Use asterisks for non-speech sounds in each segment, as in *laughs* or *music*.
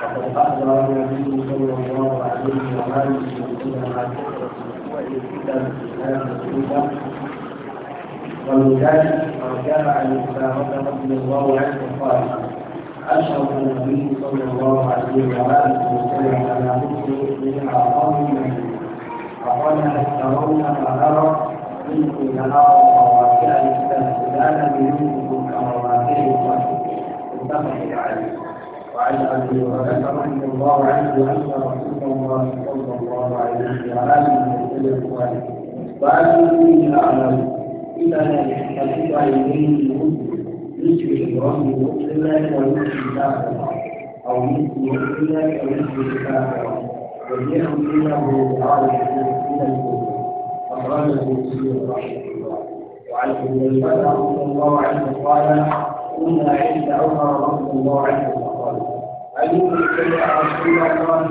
فقد أخبر النبي صلى الله عليه وآله وسلم عن الكتاب والمجاهد وكان عن أسامة رضي الله عنه قال أشرف النبي صلى الله عليه وآله وسلم على مسلم من أعظم فقال هل ترون ما أرى منكم نهار رواكع الإسلام فلا منكم كرواكع القتل متفق عليه الله عنه رسول الله صلى الله عليه وسلم قال أعلم يشبه أو من الكفر مسلم رحمه الله وعن ابن رضي الله عنه قال كنا عند عمر رضي الله عنه أن سمع رسول الله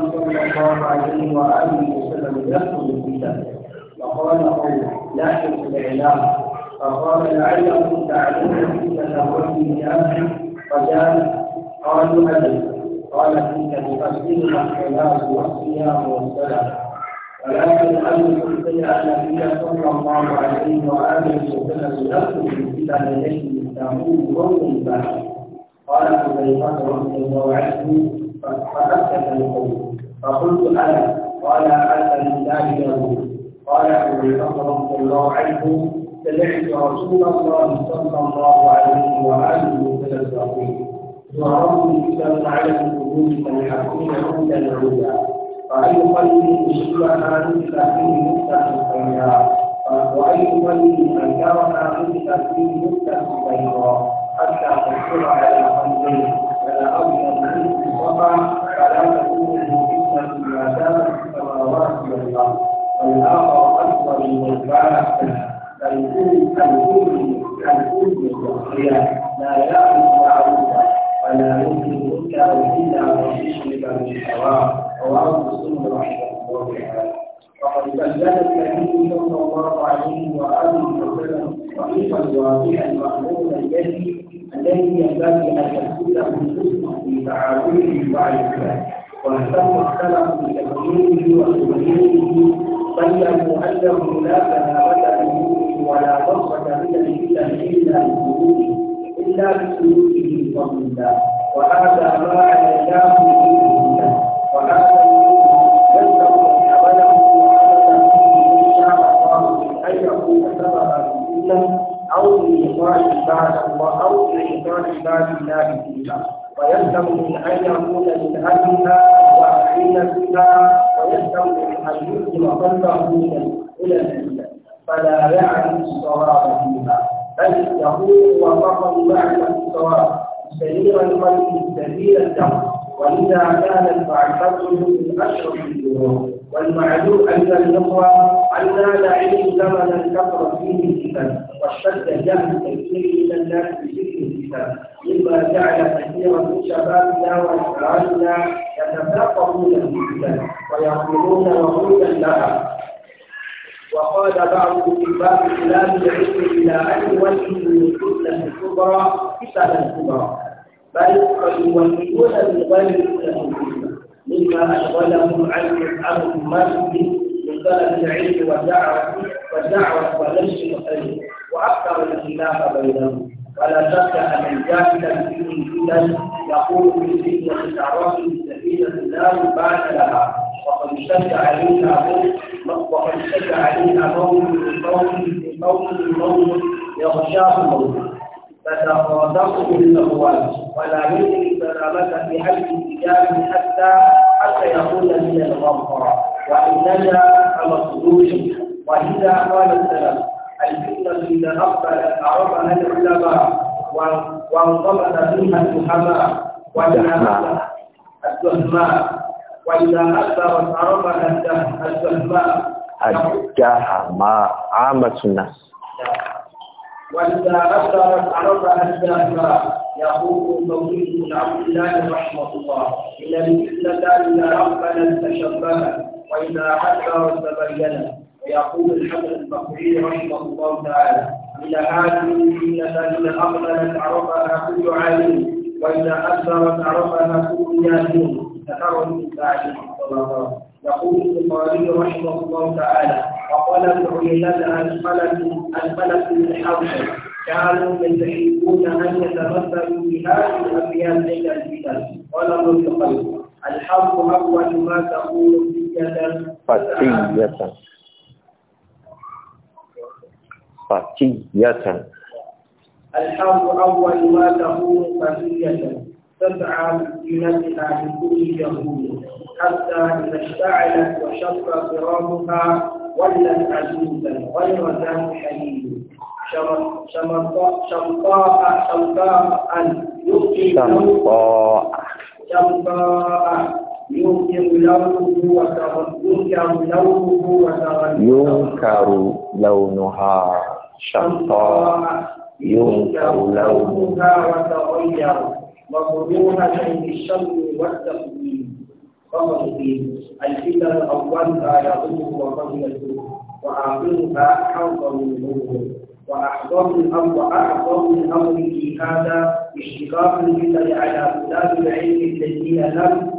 صلى الله عليه وآله وسلم يخطب الكتاب فقال قوم لا شك الإعلام فقال لعلكم تعلمون فتنة ربي بأمري فجاء قالوا أجل قال تلك تفسرها الخلاف والصيام والصلاة ولكن أن تطيع النبي صلى الله عليه وآله وسلم يخطب الكتاب الذي يسموه قوم البحر قال حذيفة رضي الله عنه فحدثنا القوم فقلت أنا قال أنت من ذلك قال حذيفة رضي الله عنه سمعت رسول الله صلى الله عليه وآله وسلم يقول دعاء يسلم على القلوب فليكون عند العلا فأي قلب يشبها منك فيه مفتح خيرا وأي قلب أنكرها منك فيه مفتح خيرا حتى تشكر على الخلقين فلأمر من وقع فلا تكون فتنة ما دامت السماوات والأرض والآخر أكبر من فالكون كالكون كالكون لا يعرف معروفا ولا يمكن إنكار إلا من يشرك بالحرام وأرض السنة رحمه الله تعالى وقد بلغ النبي صلى الله عليه وآله وسلم طريقا واضحا معلوما الذي الذي ينبغي أن يكون له في تعامله مع الإسلام واهتم السلف بتكوينه وتبيينه بينوا أنه لا كهابة للمؤمن ولا ضربة من الفتن إلا بسلوكه إلا بسلوكه ومن وهذا ما عليناه الله أو عباد الله فيها ويلزم من أن يكون من أهلها فيها ويلزم من أن يسلم قلبه إلى العلم فلا يعرف الصواب فيها بل يقول وفقد معرفة الصواب سرير القلب سبيل الدهر وإذا كانت معرفته من أشرف الذنوب والمعلوم أن النصر أن لا نعيش زمنا كثر فيه الكتاب واشتد جهل كثير من الناس بشرك الكتاب مما جعل كثيرا من شبابنا وشبابنا يتفاقمون بالكتاب ويقولون وقولا لها وقال بعض كتاب لا نعيش إلى أن يوجه السنة الكبرى كتابا كبرى بل قد يوجهون من غير السنة الكبرى مما أشغله عنه أمر مالك من طلب العلم والدعوة والدعوة ونشر الخير وأكثر الخلاف بينهم ولا شك أن الجاهل فيه جدا يقول بفتنة تعرف سبيل لا بعد لها وقد شك علينا وقد اشتد علينا موت من قوم من قوم يغشاه موت فتخاطبت بالأقوال ولا مني سلامة حج الإجابة حتى حتى يقول من الغفرة وإن نجا فمصدوش وإذا قال السلام الفتنة إذا أقبلت عرفها العلماء وانضبط فيها الحماء وجعلها التهماء وإذا أكبرت عرفها التهماء التهماء عامة الناس وإذا أثرت عرف أجدادها يقول توحيد بن عبد الله رحمه الله إن الفتنتان إذا أقبلت تشبهت وإذا أثرت تبينت ويقول الحسن البصري رحمه الله تعالى إلى هذه الفتنة إذا أقبلت عرفها كل عالم وإذا أثرت عرفها كل ياسين ذكره الإنسان صلى الله عليه وسلم يقول البخاري رحمه الله تعالى وقال عيينة الفلك الفلك الحرب كانوا يستحبون ان يتمثلوا بهذه الابيات ليلة الفتن قال ابن القيم الحرب اول ما تقول فتية فتية فتية الحرب اول ما تقول فتية تسعى بمثلها لكل يهود حتى إذا اشتعلت وشق صرامها ولت عجوزا غير ذات حليل شمطاء شمطاء يبقي شمطاء شمطاء ينكر لونه ينكر لونها شمطاء ينكر لونها وتغير مصروفة بين الشر والتقديم الدين الفتن أولها يظن وفضلته وآخرها حظا منه وأحضر الأمر أعظم الامر في هذا اشتقاق الفتن على طلاب العلم الذين لم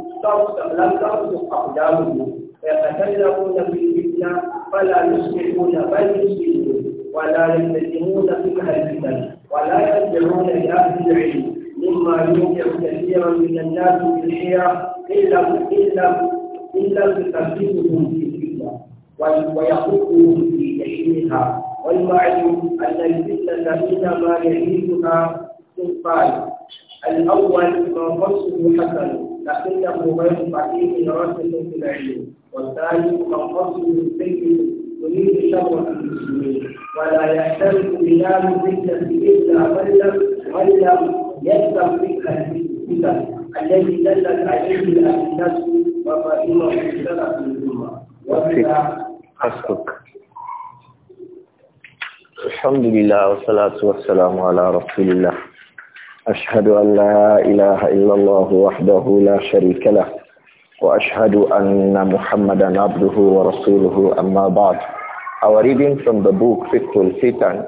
لم ترسخ أقدامهم فيتكلمون في الفتنة فلا يصبحون بل يصبحون ولا يلتزمون فقه الفتن ولا يرجعون إلى أهل العلم ثم يوقف كثيرا من الناس بالحيرة إلا إلا إلا لم تثبتهم في الفتنة ويحطهم في جحيمها والمعلوم أن الفتنة إنما يعيشها سلطان الأول ما قصه حسن لكنه غير فقيه راسخ في العلم والثاني ما قصه سيء يريد شر المسلمين ولا يحتمل بلا الفتنة إلا من لم الذي دلت عليه حسبك الحمد لله والصلاة والسلام على رسول الله أشهد أن لا إله إلا الله وحده لا شريك له وأشهد أن محمدا عبده ورسوله أما بعد Our reading from the book Fiqhul Fitan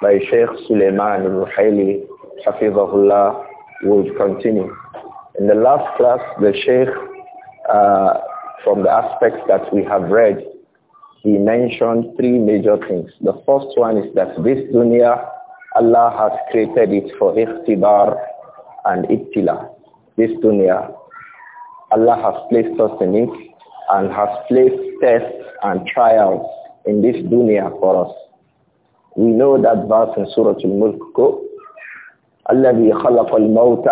by Sheikh Suleiman al ruhayli Hafizahullah, will continue. In the last class, the Sheikh, uh, from the aspects that we have read, he mentioned three major things. The first one is that this dunya, Allah has created it for ikhtibar and ittila. This dunya, Allah has placed us in it and has placed tests and trials in this dunya for us. We know that verse in Surah Al-Mulk, الذي خلق الموت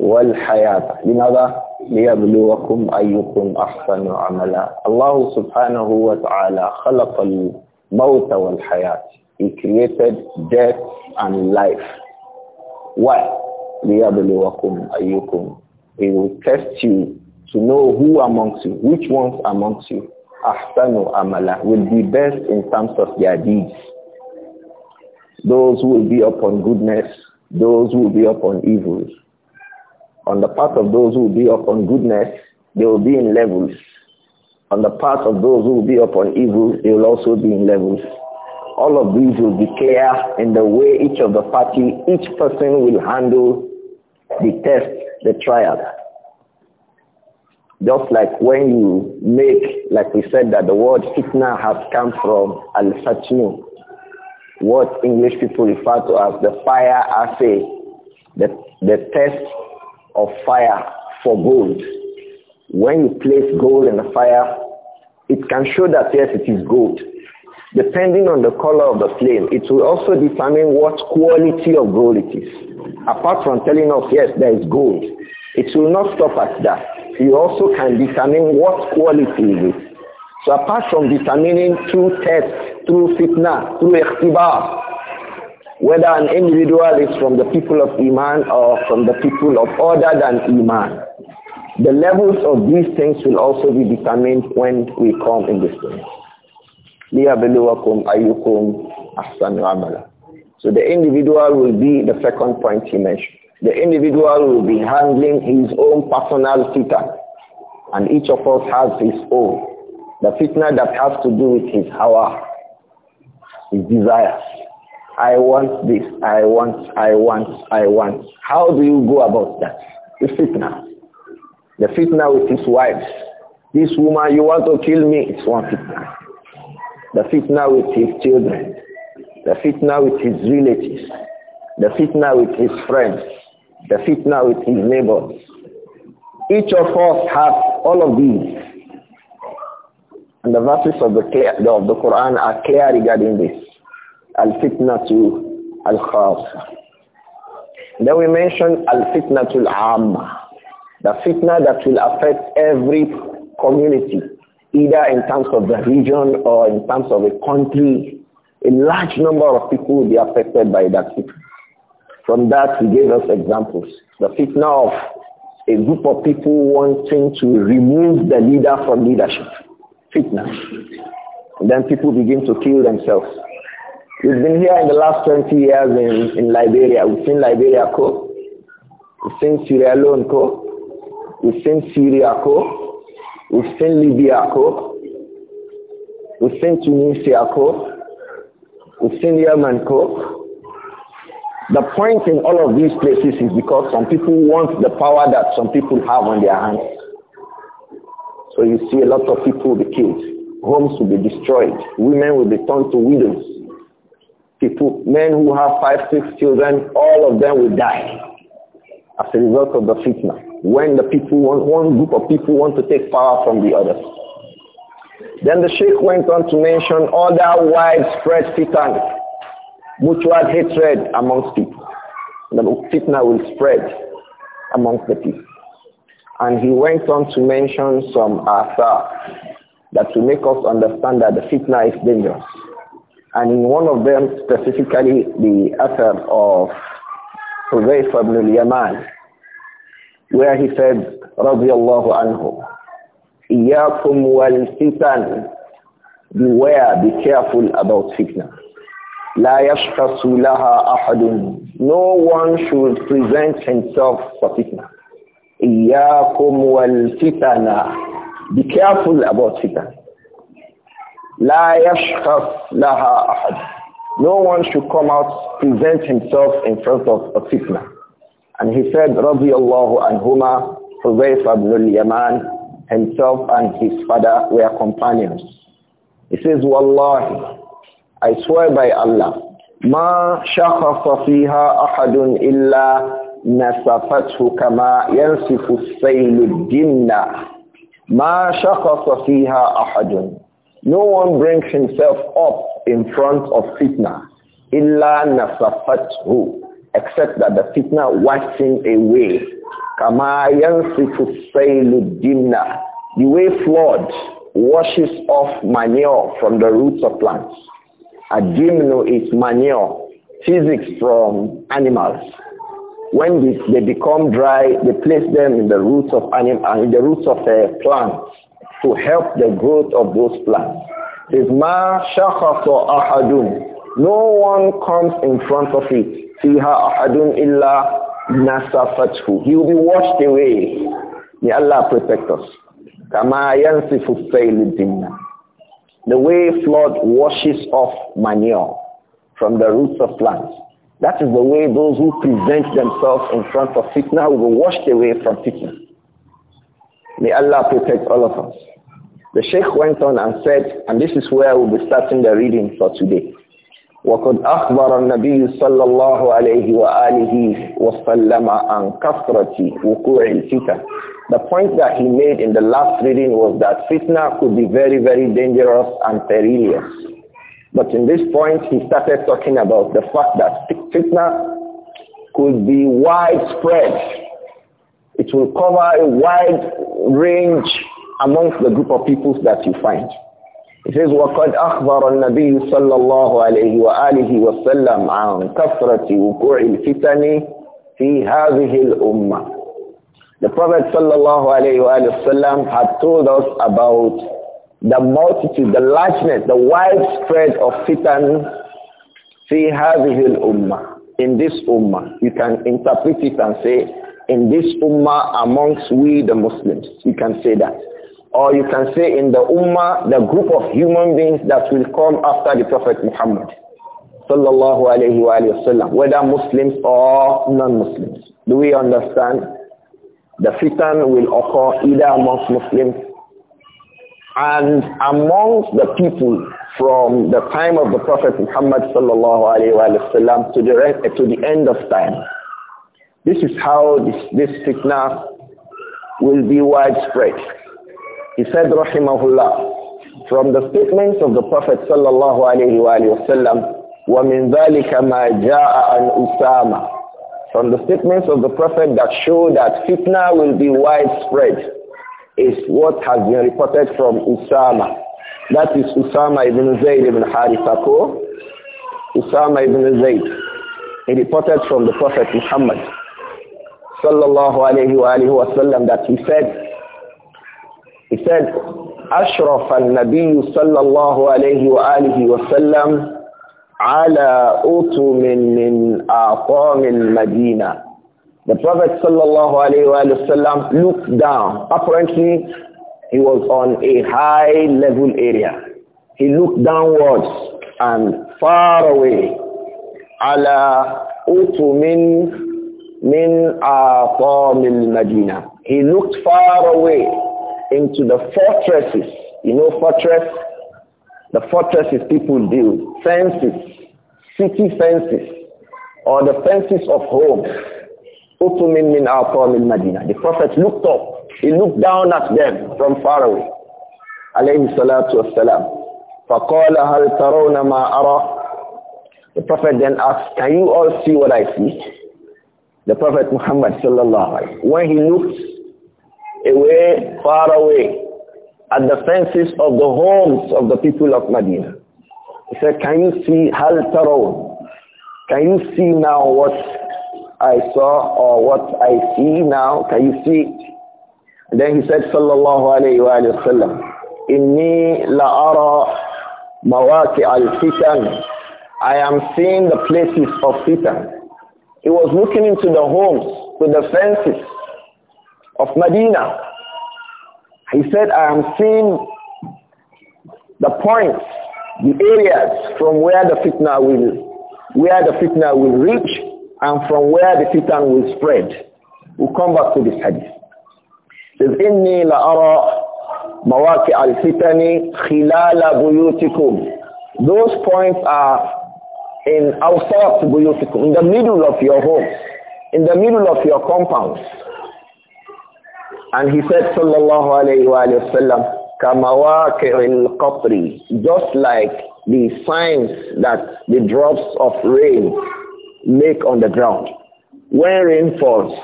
والحياة لماذا؟ ليبلوكم أيكم أحسن عملا الله سبحانه وتعالى خلق الموت والحياة He created death and life Why? ليبلوكم أيكم He will test you to know who amongst you, which ones amongst you أحسن عملا will be best in terms of their deeds those who will be upon goodness those who will be upon evils. On the part of those who will be upon goodness, they will be in levels. On the part of those who will be upon evils, they will also be in levels. All of these will be clear in the way each of the party, each person will handle the test, the trial. Just like when you make, like we said that the word fitna has come from al-fatnu, what English people refer to as the fire assay, the, the test of fire for gold. When you place gold in the fire, it can show that yes, it is gold. Depending on the color of the flame, it will also determine what quality of gold it is. Apart from telling us, yes, there is gold, it will not stop at that. You also can determine what quality it is so apart from determining through tests, through fitna, through ikhtibar, whether an individual is from the people of Iman or from the people of other than Iman, the levels of these things will also be determined when we come in this place. So the individual will be the second point he mentioned. The individual will be handling his own personal fitna. And each of us has his own. The fitna that has to do with his hawa, his desires. I want this, I want, I want, I want. How do you go about that? The fitna. The fitna with his wives. This woman, you want to kill me, it's one fitna. The fitna with his children. The fitna with his relatives. The fitna with his friends. The fitna with his neighbors. Each of us has all of these. And the verses of the, of the Quran are clear regarding this. Al-fitnatu al-khasa. Then we mentioned al-fitnatu al-amma. The fitna that will affect every community, either in terms of the region or in terms of a country. A large number of people will be affected by that fitna. From that, he gave us examples. The fitna of a group of people wanting to remove the leader from leadership. Fitna. And then people begin to kill themselves. We've been here in the last 20 years in, in Liberia. We've seen Liberia co. We've seen Sierra Leone co. We've seen Syria co. We've seen Libya co. We've seen Tunisia co. We've seen Yemen co. The point in all of these places is because some people want the power that some people have on their hands. So you see a lot of people will be killed. Homes will be destroyed. Women will be turned to widows. People, men who have five, six children, all of them will die as a result of the fitna. When the people, one group of people want to take power from the others. Then the sheikh went on to mention other widespread fitna, mutual hatred amongst people. The fitna will spread amongst the people. And he went on to mention some asar that will make us understand that the fitna is dangerous. And in one of them, specifically the asar of Hudayf ibn al-Yaman, where he said, رضي الله عنه, إياكم والفتن, beware, be careful about fitna. لا يشخص لها أحد. No one should present himself for fitna. Iyakum Be careful about fitan. La yashkhaf laha ahad. No one should come out, present himself in front of a fitna. And he said, رضي الله عنهما, Huzaifa ibn al-Yaman, himself and his father were companions. He says, Wallahi, I swear by Allah, ما شخص فيها أحد إلا نسفته kama ينسف السيل dinna ما شخص فيها No one brings himself up in front of fitna illa نسفته except that the fitna washes away kama yansifu السيل dinna The way flood washes off manure from the roots of plants. Adimno is manure, physics from animals. When they, they become dry, they place them in the roots of animal, uh, in the roots of uh, plants to help the growth of those plants. It's ma shakhasa ahadun. No one comes in front of it. Fiha ahadun illa nasafatu. He will be washed away. May Allah protect us. Kama yansifu The way flood washes off manure from the roots of plants. That is the way those who present themselves in front of fitna will be washed away from fitna. May Allah protect all of us. The Sheikh went on and said, and this is where we'll be starting the reading for today. وقد أخبر النبي صلى الله عليه وآله وسلم عن كثرة وقوع الفتن. The point that he made in the last reading was that fitna could be very, very dangerous and perilous. But in this point, he started talking about the fact that fitna could be widespread. It will cover a wide range amongst the group of peoples that you find. It says, وَقَدْ أَخْبَرَ النَّبِيُّ صَلَّى اللَّهُ عَلَيْهِ وَآلِهِ وَسَلَّمْ عَنْ كَثْرَةِ وُقُوعِ الْفِتَنِ فِي هَذِهِ الْأُمَّةِ The Prophet sallallahu alayhi wa sallam had told us about the multitude, the largeness, the widespread of fitan fi hadhihi ummah in this ummah. You can interpret it and say, in this ummah amongst we the Muslims. You can say that. Or you can say in the ummah, the group of human beings that will come after the Prophet Muhammad. Sallallahu alayhi wa sallam, Whether Muslims or non-Muslims. Do we understand? The fitan will occur either amongst Muslims and amongst the people from the time of the Prophet Muhammad sallallahu alayhi wa to the, to the end of time, this is how this, this fitna will be widespread. He said, rahimahullah, from the statements of the Prophet sallallahu alayhi wa sallam, وَمِنْ ma jaa an usama. From the statements of the Prophet that show that fitna will be widespread is what has been reported from Usama. That is Usama ibn Zayd ibn Harithako. Usama ibn Zayd. He reported from the Prophet Muhammad sallallahu alayhi wa alayhi wa sallam that he said, he said, أشرف النبي صلى الله عليه وآله وسلم على أطم من أعطام المدينة the Prophet sallallahu looked down. Apparently, he was on a high level area. He looked downwards and far away. Ala utumin min atamil Medina. He looked far away into the fortresses. You know fortress? The fortresses people build. Fences. City fences. Or the fences of homes Utumin min aqamil Madina. The Prophet looked up. He looked down at them from far away. Alayhi salatu wassalam. فَقَالَ هَلْ تَرَوْنَ مَا أَرَى The Prophet then asked, can you all see what I see? The Prophet Muhammad sallallahu alayhi When he looked away, far away, at the fences of the homes of the people of Medina, he said, can you see هَلْ تَرَوْنَ Can you see now what I saw or what I see now, can you see it? then he said, Sallallahu alayhi wa, sallam, Inni la'ara mawaki al-fitan. I am seeing the places of fitan. He was looking into the homes, to the fences of Medina. He said, I am seeing the points, the areas from where the fitna will, where the fitna will reach and from where the fitan will spread. We'll come back to this hadith. It says, إِنِّي لَأَرَى مَوَاكِعَ الْفِتَنِ خِلَالَ بُيُوتِكُمْ Those points are in outside buyutikum, in the middle of your home, in the middle of your compound. And he said, sallallahu alayhi wa sallam, al qatri, just like the signs that the drops of rain make on the ground. When rain falls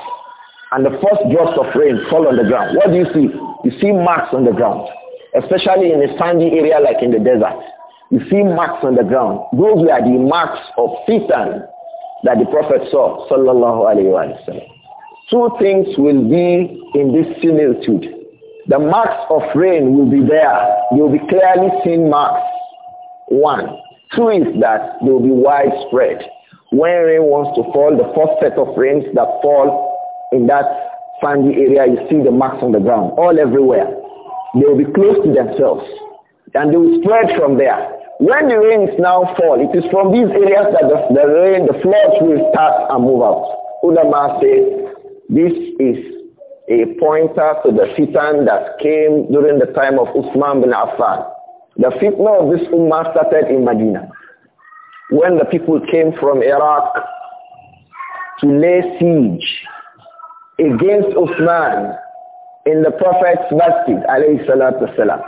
and the first drops of rain fall on the ground, what do you see? You see marks on the ground, especially in a sandy area like in the desert. You see marks on the ground. Those were the marks of fitan that the Prophet saw, sallallahu Two things will be in this similitude. The marks of rain will be there. You will be clearly seen marks. One. Two is that they will be widespread. When rain wants to fall, the first set of rains that fall in that sandy area, you see the marks on the ground, all everywhere. They will be close to themselves. And they will spread from there. When the rain is now fall, it is from these areas that the, the rain, the floods will start and move out. Ulama says this is a pointer to the fitan that came during the time of Usman bin Affan. The fitna of this ummah started in Medina when the people came from Iraq to lay siege against Uthman in the Prophet's masjid, alayhi salatu wasalam.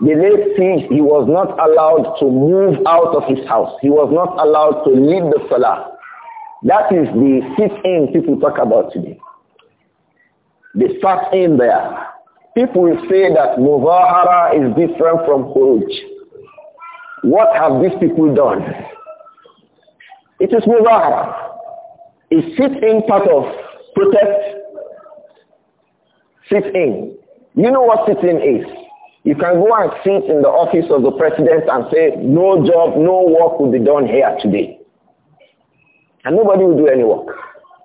The late siege, he was not allowed to move out of his house. He was not allowed to leave the salah. That is the sit-in people talk about today. They sat in there. People say that Muzahara is different from Khuruj. What have these people done? It is mubah. Is sit-in part of protest? Sit-in. You know what sit-in is. You can go and sit in the office of the president and say, no job, no work will be done here today. And nobody will do any work.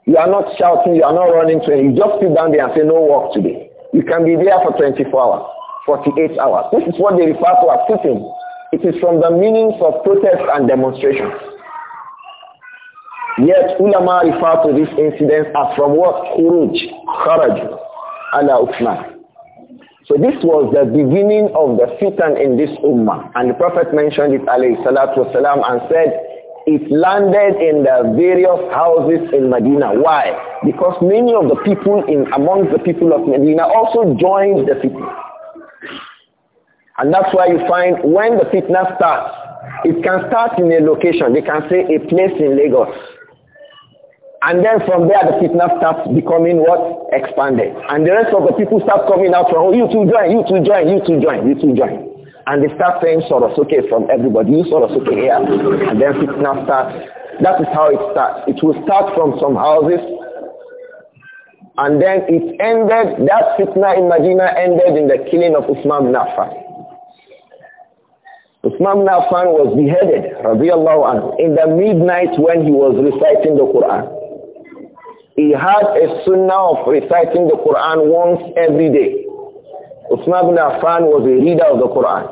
You are not shouting, you are not running to You just sit down there and say, no work today. You can be there for 24 hours, 48 hours. This is what they refer to as sitting. It is from the meanings of protest and demonstration. Yet ulama refer to this incident as from what? Khuruj, kharaj, ala Uthman. So this was the beginning of the fitan in this ummah. And the Prophet mentioned it alayhi salatu wasalam and said, it landed in the various houses in Medina. Why? Because many of the people in among the people of Medina also joined the fitna. And that's why you find when the fitna starts, it can start in a location. They can say a place in Lagos and then from there, the fitna starts becoming what? Expanded. And the rest of the people start coming out from, oh, you too join, you too join, you too join, you too join. And they start saying Sorosuke from everybody, you Sorosuke here. And then fitna starts. That is how it starts. It will start from some houses. And then it ended, that fitna in Medina ended in the killing of Usman bin Affan. Usman bin Affan was beheaded, radiallahu anhu, in the midnight when he was reciting the Quran. He had a sunnah of reciting the Quran once every day. Usman bin Affan was a reader of the Quran.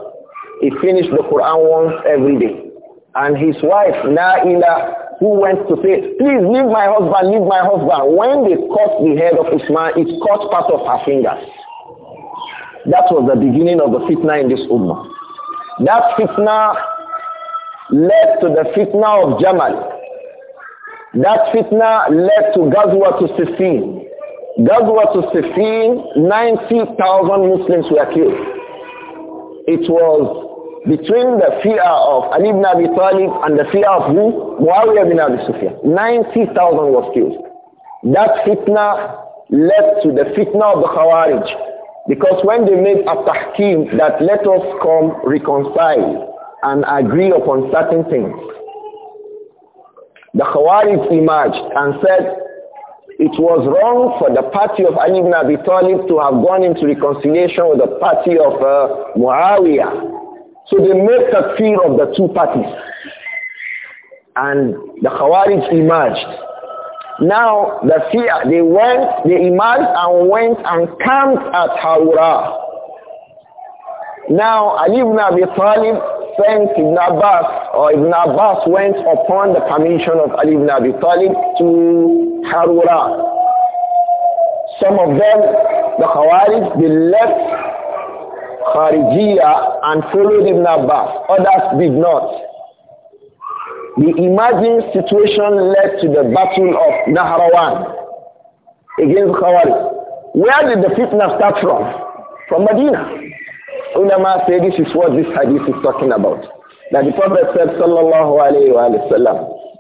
He finished the Quran once every day. And his wife, Naila, who went to say, please leave my husband, leave my husband. When they cut the head of Usman, it cut part of her fingers. That was the beginning of the fitna in this ummah. That fitna led to the fitna of Jamal. That fitna led to Ghazwa to Siffin. Ghazwa to Siffin, 90,000 Muslims were killed. It was between the fear of Ali ibn Abi Talib and the fear of who? Muawiyah ibn Abi Sufyan. 90,000 was killed. That fitna led to the fitna of the Khawarij. Because when they made a tahkim that let us come reconcile and agree upon certain things, the Khawarij emerged and said it was wrong for the party of Ali ibn Abi Talib to have gone into reconciliation with the party of uh, Muawiyah. So they made a fear of the two parties. And the Khawarij emerged. Now the fear, they went, they emerged and went and camped at Hawra. Now Ali ibn Abi Talib sent Ibn Abbas, or Ibn Abbas went upon the permission of Ali ibn Abi Talib to Harura. Some of them, the Khawarij, they left Kharijiyya and followed Ibn Abbas. Others did not. The emerging situation led to the battle of Nahrawan against Khawarij. Where did the fitna start from? From Medina. Ulama say this is what this hadith is talking about. That the Prophet said, sallallahu alayhi wa sallam,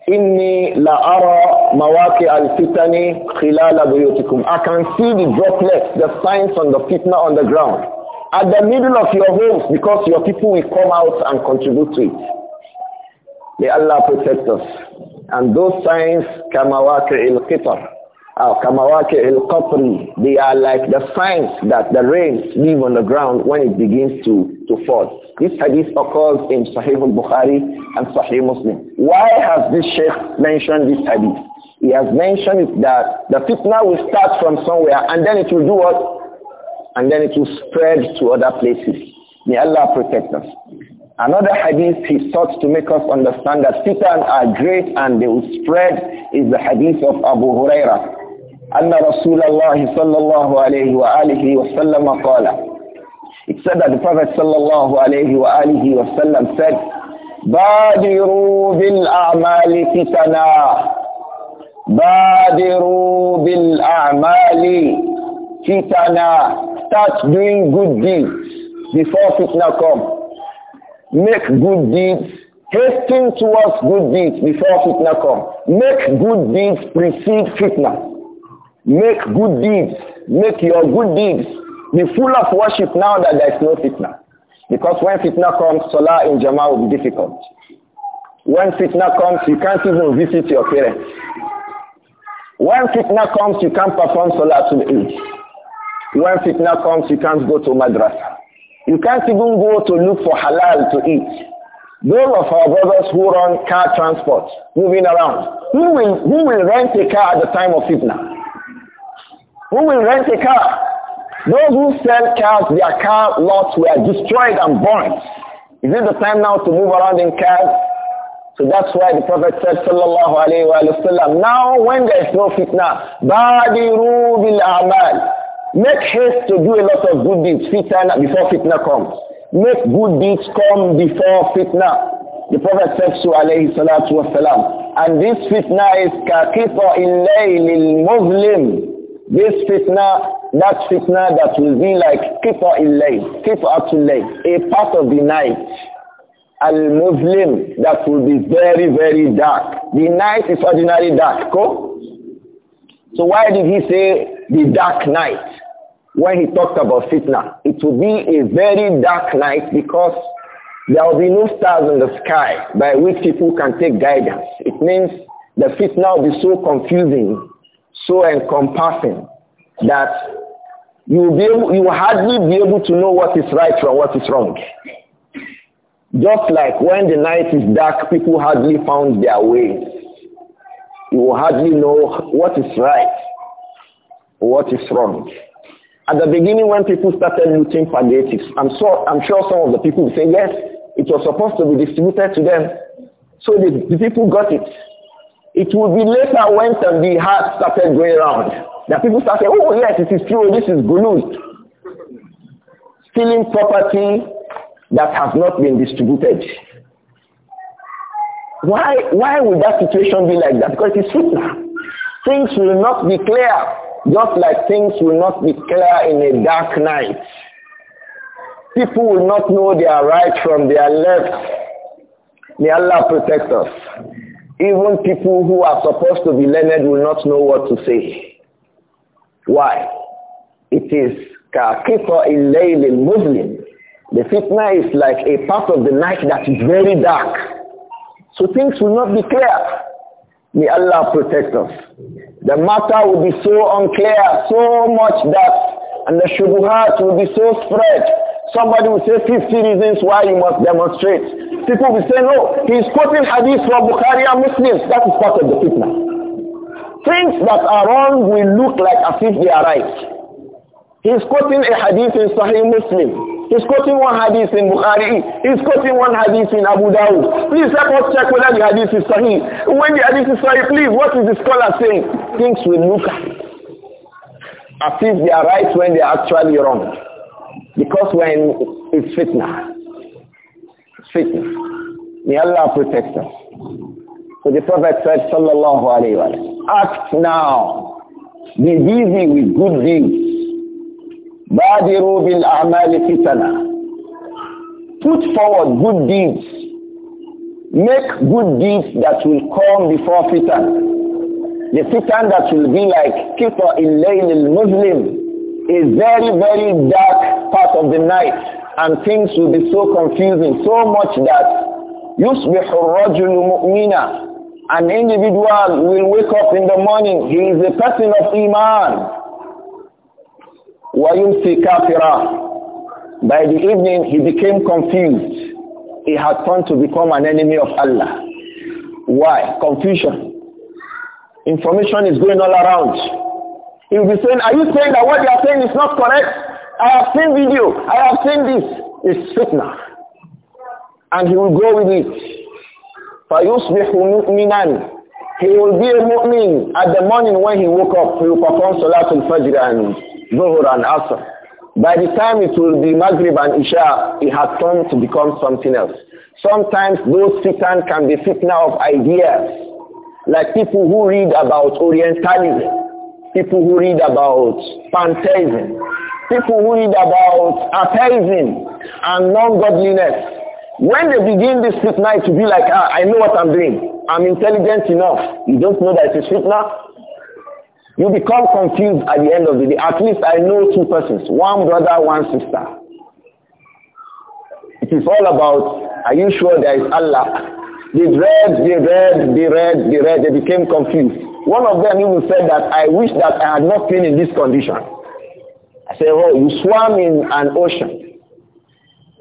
inni la ara mawaki al fitani khilala buyutikum. I can see the droplets, the signs on the fitna on the ground. At the middle of your homes, because your people will come out and contribute to it. May Allah protect us. And those signs, kamawaki al qitar, Kamawake El Kopri, they are like the signs that the rains leave on the ground when it begins to, to fall. This hadith occurs in Sahih al-Bukhari and Sahih Muslim. Why has this sheikh mentioned this hadith? He has mentioned that the fitna will start from somewhere and then it will do what? And then it will spread to other places. May Allah protect us. Another hadith he sought to make us understand that fitna are great and they will spread is the hadith of Abu Hurairah أن رسول الله صلى الله عليه وآله وسلم قال It said that the Prophet صلى الله عليه وآله وسلم said بادروا بالأعمال فتنا بادروا بالأعمال فتنا Start doing good deeds before fitna come make good deeds, hasten towards good deeds before fitna come. Make good deeds precede fitna. Make good deeds. Make your good deeds. Be full of worship now that there is no fitna. Because when fitna comes, salah in Jama'ah will be difficult. When fitna comes, you can't even visit your parents. When fitna comes, you can't perform salah to the age. When fitna comes, you can't go to madrasa. You can't even go to look for halal to eat. Those of our brothers who run car transport, moving around, who will, who will rent a car at the time of fitna? Who will rent a car? Those who sell cars, their car lots were destroyed and burnt. Is it the time now to move around in cars? So that's why the Prophet said, Sallallahu Alaihi Wasallam, now when there is no fitna, Badiru bil amal. Make haste to do a lot of good deeds fitna, before fitna comes. Make good deeds come before fitna. The Prophet said to alayhi salatu Wasallam, and this fitna is kaqita illayl muslim this fitna, that fitna that will be like kifa illay, kifa late, a part of the night. Al-Muslim, that will be very, very dark. The night is ordinarily dark. Go. So why did he say the dark night when he talked about fitna? It will be a very dark night because there will be no stars in the sky by which people can take guidance. It means the fitna will be so confusing so encompassing that you will, be able, you will hardly be able to know what is right from what is wrong. Just like when the night is dark, people hardly found their way. You will hardly know what is right or what is wrong. At the beginning when people started looting palliatives, I'm, so, I'm sure some of the people would say, yes, it was supposed to be distributed to them. So the, the people got it. It will be later when the heart started going around that people start saying, oh yes, it is true, this is gulul. Stealing property that has not been distributed. Why, why would that situation be like that? Because it is fitna. Things will not be clear, just like things will not be clear in a dark night. People will not know their right from their left. May Allah protect us. Even people who are supposed to be learned will not know what to say. Why? It is kakifa illayl muslim The fitna is like a part of the night that is very dark. So things will not be clear. May Allah protect us. The matter will be so unclear, so much that, and the shubuhat will be so spread. Somebody will say 50 reasons why you must demonstrate. People will say, no, he's quoting hadith from Bukhari and Muslims. That is part of the fitna. Things that are wrong will look like as if they are right. He's quoting a hadith in Sahih Muslim. He's quoting one hadith in Bukhari. He's quoting one hadith in Abu Dawud. Please help us check whether the hadith is Sahih. When the hadith is Sahih, please, what is the scholar saying? Things will look as if they are right when they are actually wrong. Because when it's fitna, fitness. May Allah protect us. So the Prophet said, Sallallahu Alaihi Wasallam, act now. Be busy with good deeds. Badiru bil a'mali fitana. Put forward good deeds. Make good deeds that will come before fitan. The fitan that will be like kifa in layl al-muslim. A very, very dark part of the night and things will be so confusing, so much that يُصْبِحُ الرَّجُلُ مُؤْمِنًا An individual will wake up in the morning, he is a person of Iman. وَيُمْسِي kafira. By the evening, he became confused. He had turned to become an enemy of Allah. Why? Confusion. Information is going all around. He will be saying, are you saying that what they are saying is not correct? I have seen video. I have seen this. It's fitna. And he will go with it. فَيُصْبِحُ مُؤْمِنًا He will be a mu'min at the morning when he woke up. He will perform Salatul Fajr and Zuhur and Asr. By the time it will be Maghrib and Isha, it has turned to become something else. Sometimes those fitna can be fitna of ideas. Like people who read about Orientalism, people who read about pantheism, People who read about atheism and non-godliness, when they begin this sleep night to be like, ah, I know what I'm doing. I'm intelligent enough. You don't know that it's a now. You become confused at the end of the day. At least I know two persons, one brother, one sister. It is all about, are you sure there is Allah? They read, they read, they read, they read, they became confused. One of them even said that, I wish that I had not been in this condition. I said, well, you swam in an ocean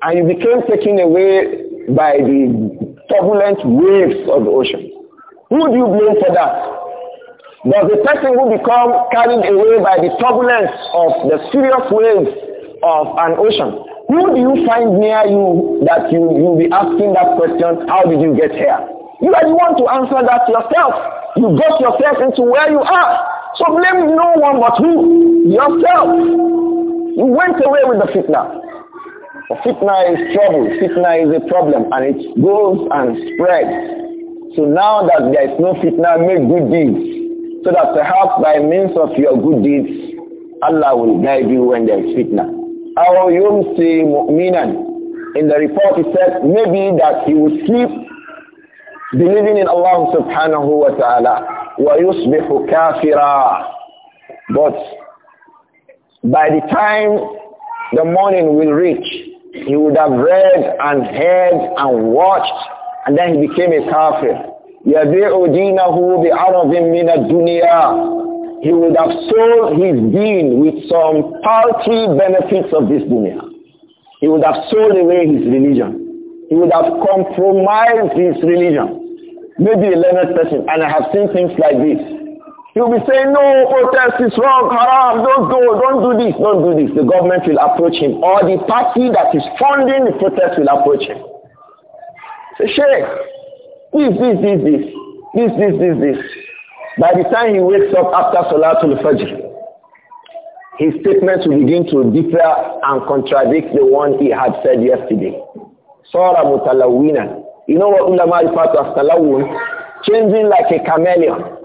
and you became taken away by the turbulent waves of the ocean. Who do you blame for that? Does the person who become carried away by the turbulence of the serious waves of an ocean, who do you find near you that you will be asking that question, how did you get here? You are the one to answer that yourself. You got yourself into where you are also blamed no one but who? Yourself. You went away with the fitna. The fitna is trouble. Fitna is a problem and it goes and spreads. So now that there is no fitna, make good deeds. So that perhaps by means of your good deeds, Allah will guide you when there is fitna. Our Si Mu'minan. In the report he said maybe that he will sleep believing in Allah subhanahu wa ta'ala وَيُصْبِحُ كَافِرًا But by the time the morning will reach, he would have read and heard and watched, and then he became a kafir. يَبِعُ دِينَهُ بِعَرَضٍ مِنَ الدُّنْيَا He would have sold his deen with some paltry benefits of this dunya. He would have sold away his religion. He would have compromised his religion maybe a learned person, and I have seen things like this. He'll be saying, no, protest is wrong, haram, don't go, don't do this, don't do this. The government will approach him, or the party that is funding the protest will approach him. Say, Sheikh, this, this, this, this, this, this, this, this. By the time he wakes up after Salatul Fajr, his statements will begin to differ and contradict the one he had said yesterday. Sora mutalawina you know what ulama refer of as talawun? Changing like a chameleon.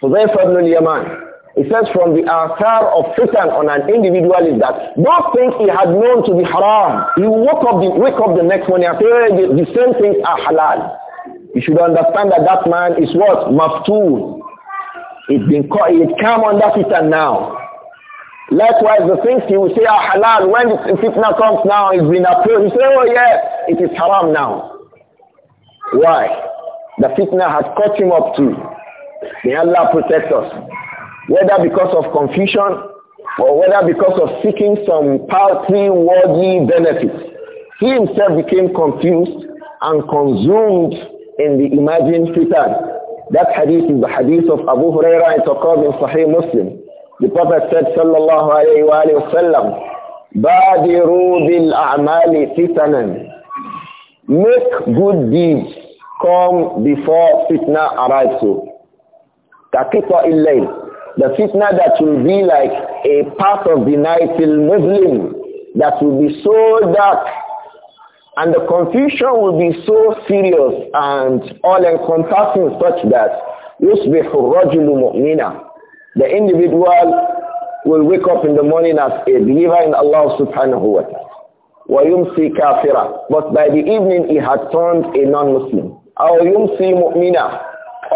So therefore, no Yaman. It says from the altar of Satan on an individual is that those things he had known to be haram, he will up the, wake up the next morning and say, hey, the, the same things are halal. You should understand that that man is what? Maftoon. It, has been, it came under Satan now. Likewise, the things he will say are halal. When the fitna comes now, it's been approved. He say, oh yeah, it is haram now. Why? The fitna has caught him up too. May Allah protect us. Whether because of confusion or whether because of seeking some paltry worldly benefits. He himself became confused and consumed in the imagined fitna. That hadith is the hadith of Abu Hurairah. It occurs in Sahih Muslim. The Prophet said, sallallahu alayhi wa, alayhi wa sallam, بَادِرُوا بِالْأَعْمَالِ فِتَنًا Make good deeds come before fitna arrives you. Kakita illayl. The fitna that will be like a part of the night till Muslim that will be so dark and the confusion will be so serious and all-encompassing such that يُصْبِحُ الرَّجُلُ مُؤْمِنًا the individual will wake up in the morning as a believer in Allah subhanahu wa ta'ala. وَيُمْسِي كَافِرًا But by the evening he had turned a non-Muslim. أَوْ يُمْسِي مُؤْمِنًا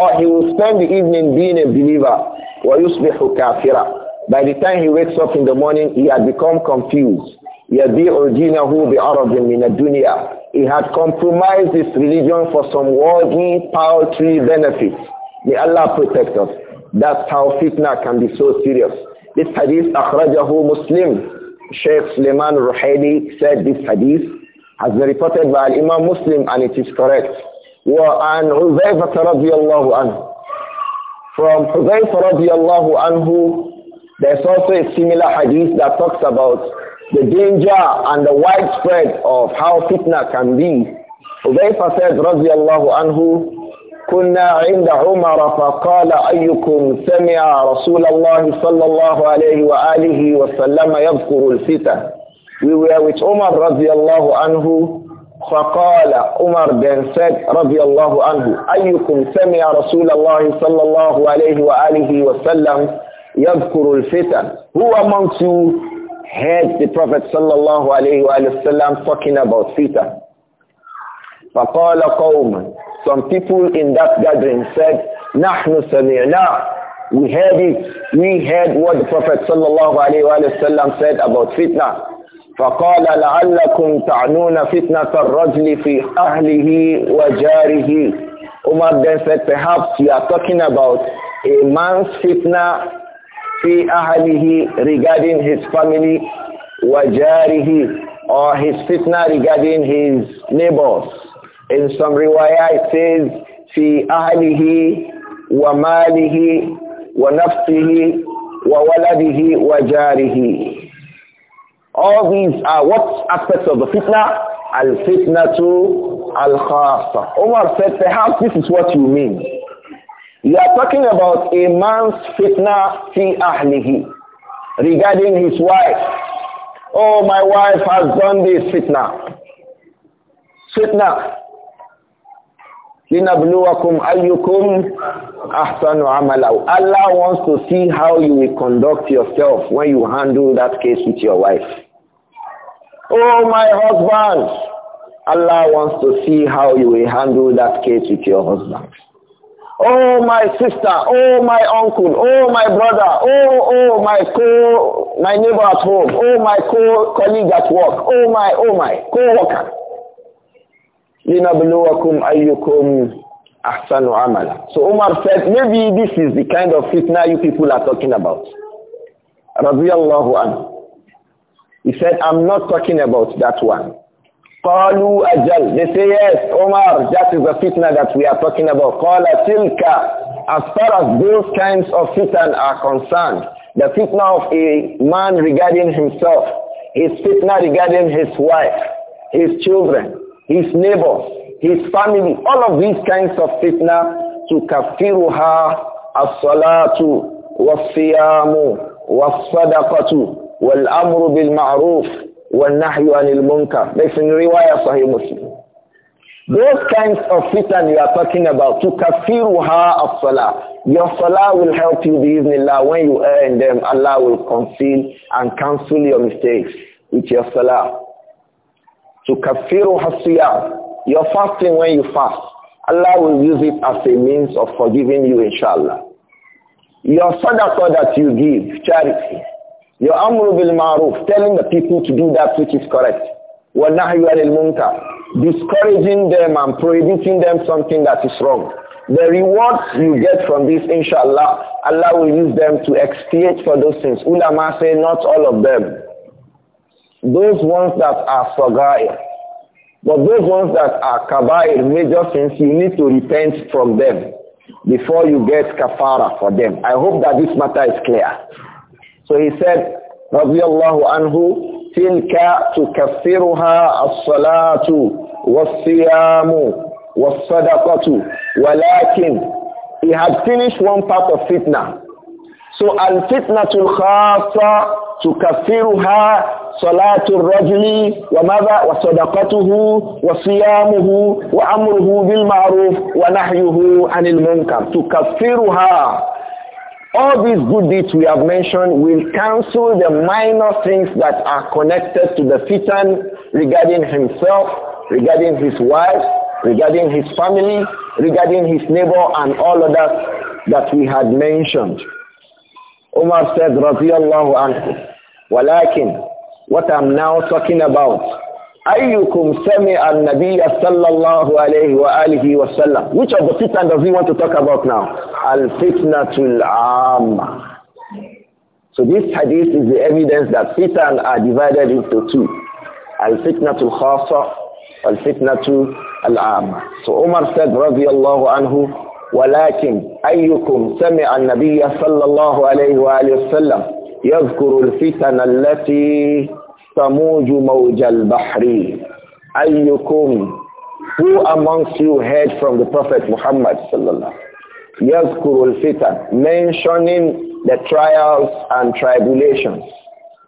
Or he will spend the evening being a believer. وَيُصْبِحُ كَافِرًا By the time he wakes up in the morning, he had become confused. يَبِيعُ دِينَهُ بِعَرَضٍ مِنَ الدُّنْيَا He had compromised his religion for some worldly, paltry benefits. May Allah protect us. That's how fitna can be so serious. This hadith, akhrajahu Muslim. Sheikh Suleiman Ruhaili said this hadith has been reported by Imam Muslim and it is correct. وعن حذيفة رضي الله عنه From حذيفة رضي الله عنه there's also a similar hadith that talks about the danger and the widespread of how fitna can be. Hudayfa said رضي الله عنه, كنا عند عمر فقال أيكم سمع رسول الله صلى الله عليه وآله وسلم يذكر الفتن We were with Umar رضي الله عنه فقال عمر بن سعد رضي الله عنه أيكم سمع رسول الله صلى الله عليه وآله وسلم يذكر الفتن Who amongst you heard the Prophet صلى الله عليه وآله وسلم talking about fitan فقال قوم Some people in that gathering said, نحن سمعنا we heard it. We heard what the Prophet sallallahu alayhi wa said about fitna. فَقَالَ لَعَلَّكُمْ تَعْنُونَ فِتْنَةَ الرَّجْلِ فِي أَهْلِهِ وَجَارِهِ Umar then said, perhaps you are talking about a man's fitna fi ahlihi regarding his family, wajarihi, or his fitna regarding his neighbors. In some riwayah it says, في أهله وماله ونفسه وولده وجاره. All these are what aspects of the fitna? Al-fitna to al-khasa. Omar said, perhaps this is what you mean. You are talking about a man's fitna fi ahlihi, regarding his wife. Oh, my wife has done this fitna. Fitna. Allah wants to see how you will conduct yourself when you handle that case with your wife. Oh, my husband! Allah wants to see how you will handle that case with your husband. Oh, my sister! Oh, my uncle! Oh, my brother! Oh, oh, my co, my neighbor at home! Oh, my co-colleague at work! Oh, my, oh, my co-worker! لِنَبْلُوَكُمْ أَيُّكُمْ ahsanu عَمَلًا So Umar said, maybe this is the kind of fitna you people are talking about. رضي الله He said, I'm not talking about that one. قالوا ajal. They say, yes, Omar, that is the fitna that we are talking about. قال tilka, As far as those kinds of fitna are concerned, the fitna of a man regarding himself, his fitna regarding his wife, his children, his neighbor, his family, all of these kinds of fitna to kafiruha as-salatu was-siyamu was-sadaqatu wal-amru bil-ma'ruf wal-nahyu anil-munkar. That's in riwayah Sahih Muslim. Those kinds of fitna you are talking about, to kafiruha as-salah. Your salah will help you biiznillah. When you err in them, Allah will conceal and cancel your mistakes with your salah. To kafiru hasiyam. Your fasting when you fast. Allah will use it as a means of forgiving you, inshallah. Your sadaqah that you give, charity. Your amru bil ma'ruf, telling the people to do that which is correct. Wa nahyu al munkar, discouraging them and prohibiting them something that is wrong. The rewards you get from this, inshallah, Allah will use them to expiate for those things. Ulama say not all of them. Those ones that are sagair, but those ones that are kabair, major sins, you need to repent from them before you get kafara for them. I hope that this matter is clear. So he said, anhu, رضي الله عنه تلك تكفرها الصلاة والصيام والصدقة ولكن he had finished one part of fitna. So al-fitnatul khasa kafiruha. صلاة الرجل وماذا wa وصيامه وأمره بالمعروف ونحيه عن المنكر تكفرها all these good deeds we have mentioned will cancel the minor things that are connected to the fitan regarding himself, regarding his wife, regarding his family, regarding his neighbor and all of that that we had mentioned. Umar said, رضي الله عنه, ولكن what I'm now talking about. أيكم سمع النبي صلى الله عليه وآله وسلم Which of the fitna does he want to talk about now? الفتنة العامة So this hadith is the evidence that fitan are divided into two. Al-fitna al-khasa, al-fitna al-amma. So Umar said رَضِيَ اللَّهُ عَنْهُ. ولكن أيكم سمع النبي صلى الله عليه وآله وسلم يذكر الفتن التي تموج موج البحر أيكم who amongst you heard from the Prophet Muhammad sallallahu يذكر الفتن mentioning the trials and tribulations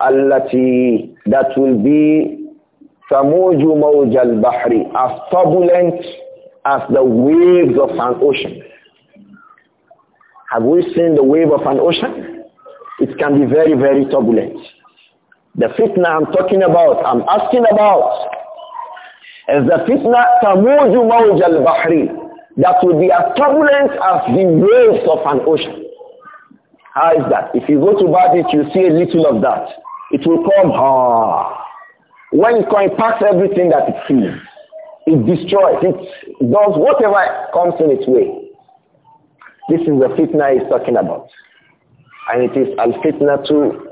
التي that will be تموج موج البحر as turbulent as the waves of an ocean have we seen the wave of an ocean it can be very, very turbulent. The fitna I'm talking about, I'm asking about, is the fitna tamuju mawj al-bahri, that will be as turbulent as the waves of an ocean. How is that? If you go to Badit, you see a little of that. It will come, ah. When it impacts everything that it sees, it destroys, it does whatever comes in its way. This is the fitna he's talking about. And it is al-fitna to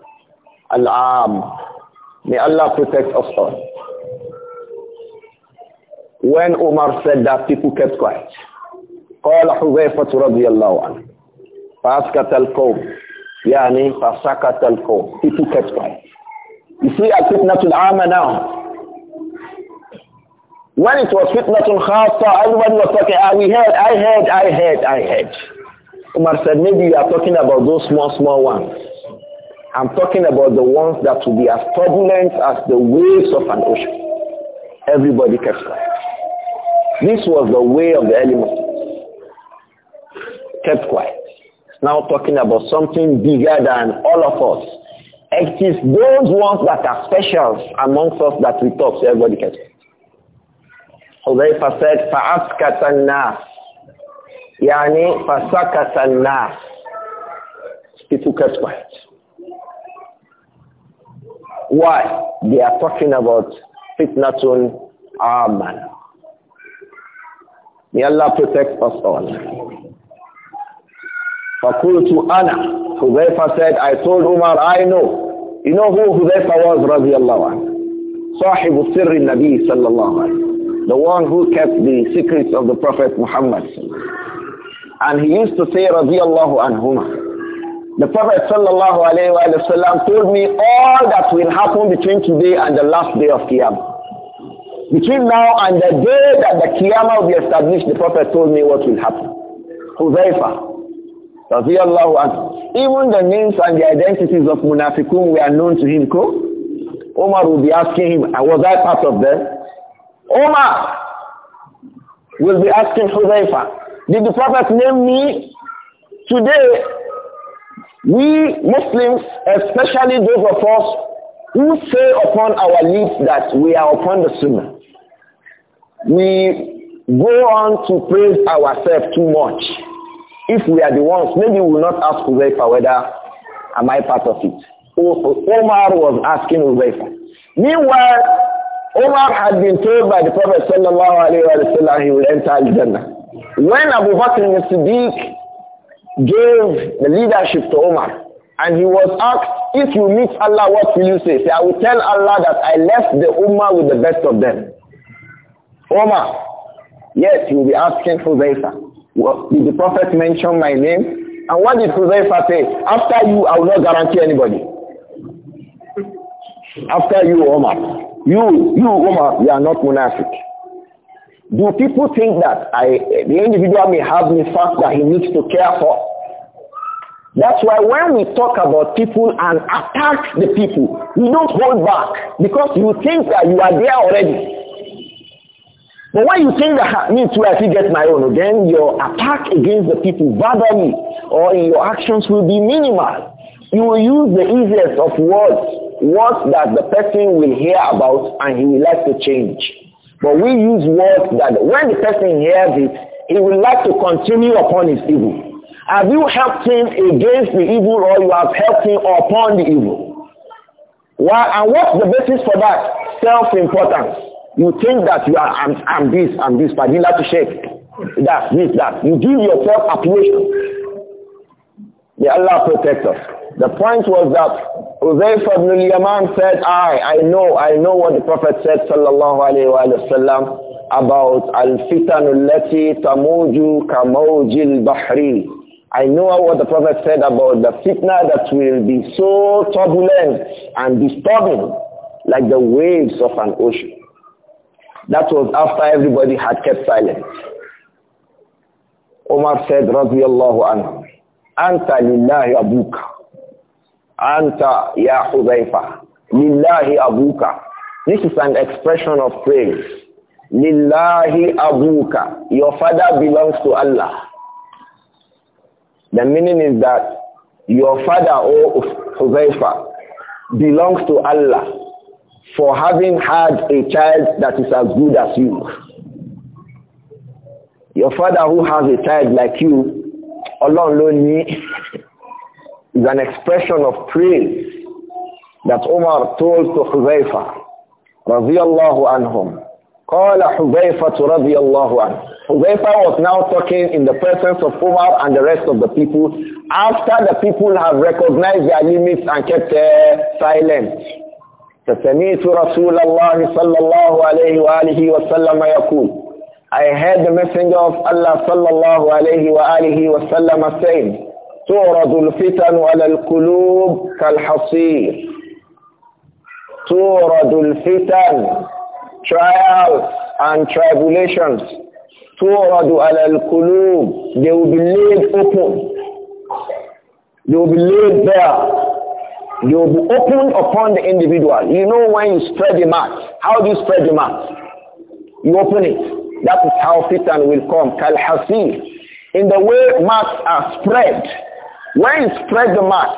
al am May Allah protect us all. When Umar said that, people kept quiet. قال حذيفة رضي الله عنه فأسكت القوم يعني فسكت القوم people kept quiet. You see fitna al am now. When it was fitnatul khasa, everybody was talking, I heard, I heard, I heard, I heard. Umar said, maybe you are talking about those small, small ones. I'm talking about the ones that will be as turbulent as the waves of an ocean. Everybody kept quiet. This was the way of the animals. Kept quiet. Now talking about something bigger than all of us. It is those ones that are special amongst us that we talk so everybody kept quiet. Hudayfa said, فَأَسْكَتَ النَّاسِ Yani fasakas al-nas. People quiet. Why? They are talking about fitnatun aman. May Allah protect us all. tu ana. Hudayfa said, I told Umar, I know. You know who Hudayfa was, radiallahu anhu? Sahibu sirri nabi, sallallahu alayhi The one who kept the secrets of the Prophet Muhammad, and he used to say, and anhuma. The Prophet sallallahu alayhi wa told me all that will happen between today and the last day of Qiyamah. Between now and the day that the Qiyamah will be established, the Prophet told me what will happen. Huzaifa, radiyallahu anhu. Even the names and the identities of munafiqun were known to him. Omar will be asking him, uh, was I part of them? Omar will be asking Huzaifa, did the Prophet name me? Today, we Muslims, especially those of us who say upon our lips that we are upon the Sunnah, we go on to praise ourselves too much. If we are the ones, maybe we will not ask Uzaifa whether am I part of it. Omar was asking Uzaifa. Meanwhile, Omar had been told by the Prophet sallallahu alayhi wa sallam he will enter Al-Jannah. When Abu Bakr al-Siddiq gave the leadership to Omar, and he was asked, if you meet Allah, what will you say? Say, I will tell Allah that I left the Ummah with the best of them. Omar, yes, you will be asking Huzaifa. Well, did the Prophet mention my name? And what did Huzaifa say? After you, I will not guarantee anybody. After you, Omar. You, you, Omar, you are not monastic. Do people think that I, the individual may have the fact that he needs to care for? That's why when we talk about people and attack the people, we don't hold back because you think that you are there already. But when you think that me too, I can get my own, again, your attack against the people verbally or your actions will be minimal. You will use the easiest of words, words that the person will hear about and he will like to change. But we use words that when the person hears it, he will like to continue upon his evil. Have you helped him against the evil or you have helped him upon the evil? Why, and what's the basis for that? Self-importance. You think that you are, I'm, I'm this, I'm this, to shake. That, this, that. You give yourself appreciation. May Allah protect us. The point was that Uzayf ibn al-Yaman said, I, I know, I know what the Prophet said sallallahu alayhi wa sallam about al-fitan allati tamuju kamawjil bahri. I know what the Prophet said about the fitna that will be so turbulent and disturbing like the waves of an ocean. That was after everybody had kept silent. Omar said, رضي الله عنه, أنت لله أبوك Anta ya Hudayfa. Lillahi abuka. This is an expression of praise. Lillahi abuka. Your father belongs to Allah. The meaning is that your father, O Hudayfa, belongs to Allah for having had a child that is as good as you. Your father who has a child like you, Allah me. *laughs* is an expression of praise that Umar told to Huzaifa radiyallahu anhum. Qala Huzaifa radiyallahu anhu. Huzaifa was now talking in the presence of Umar and the rest of the people after the people have recognized their limits and kept uh, silent. فسمعت رسول الله صلى الله عليه وآله وسلم يقول I heard the messenger of Allah صلى الله عليه وآله وسلم saying تعرض الفتن على القلوب كالحصير تعرض الفتن trials and tribulations تعرض على القلوب they will be laid open they will be laid bare they will be opened upon the individual you know when you spread the mat how do you spread the mat you open it that is how fitan will come kalhasir in the way mats are spread when you spread the mat,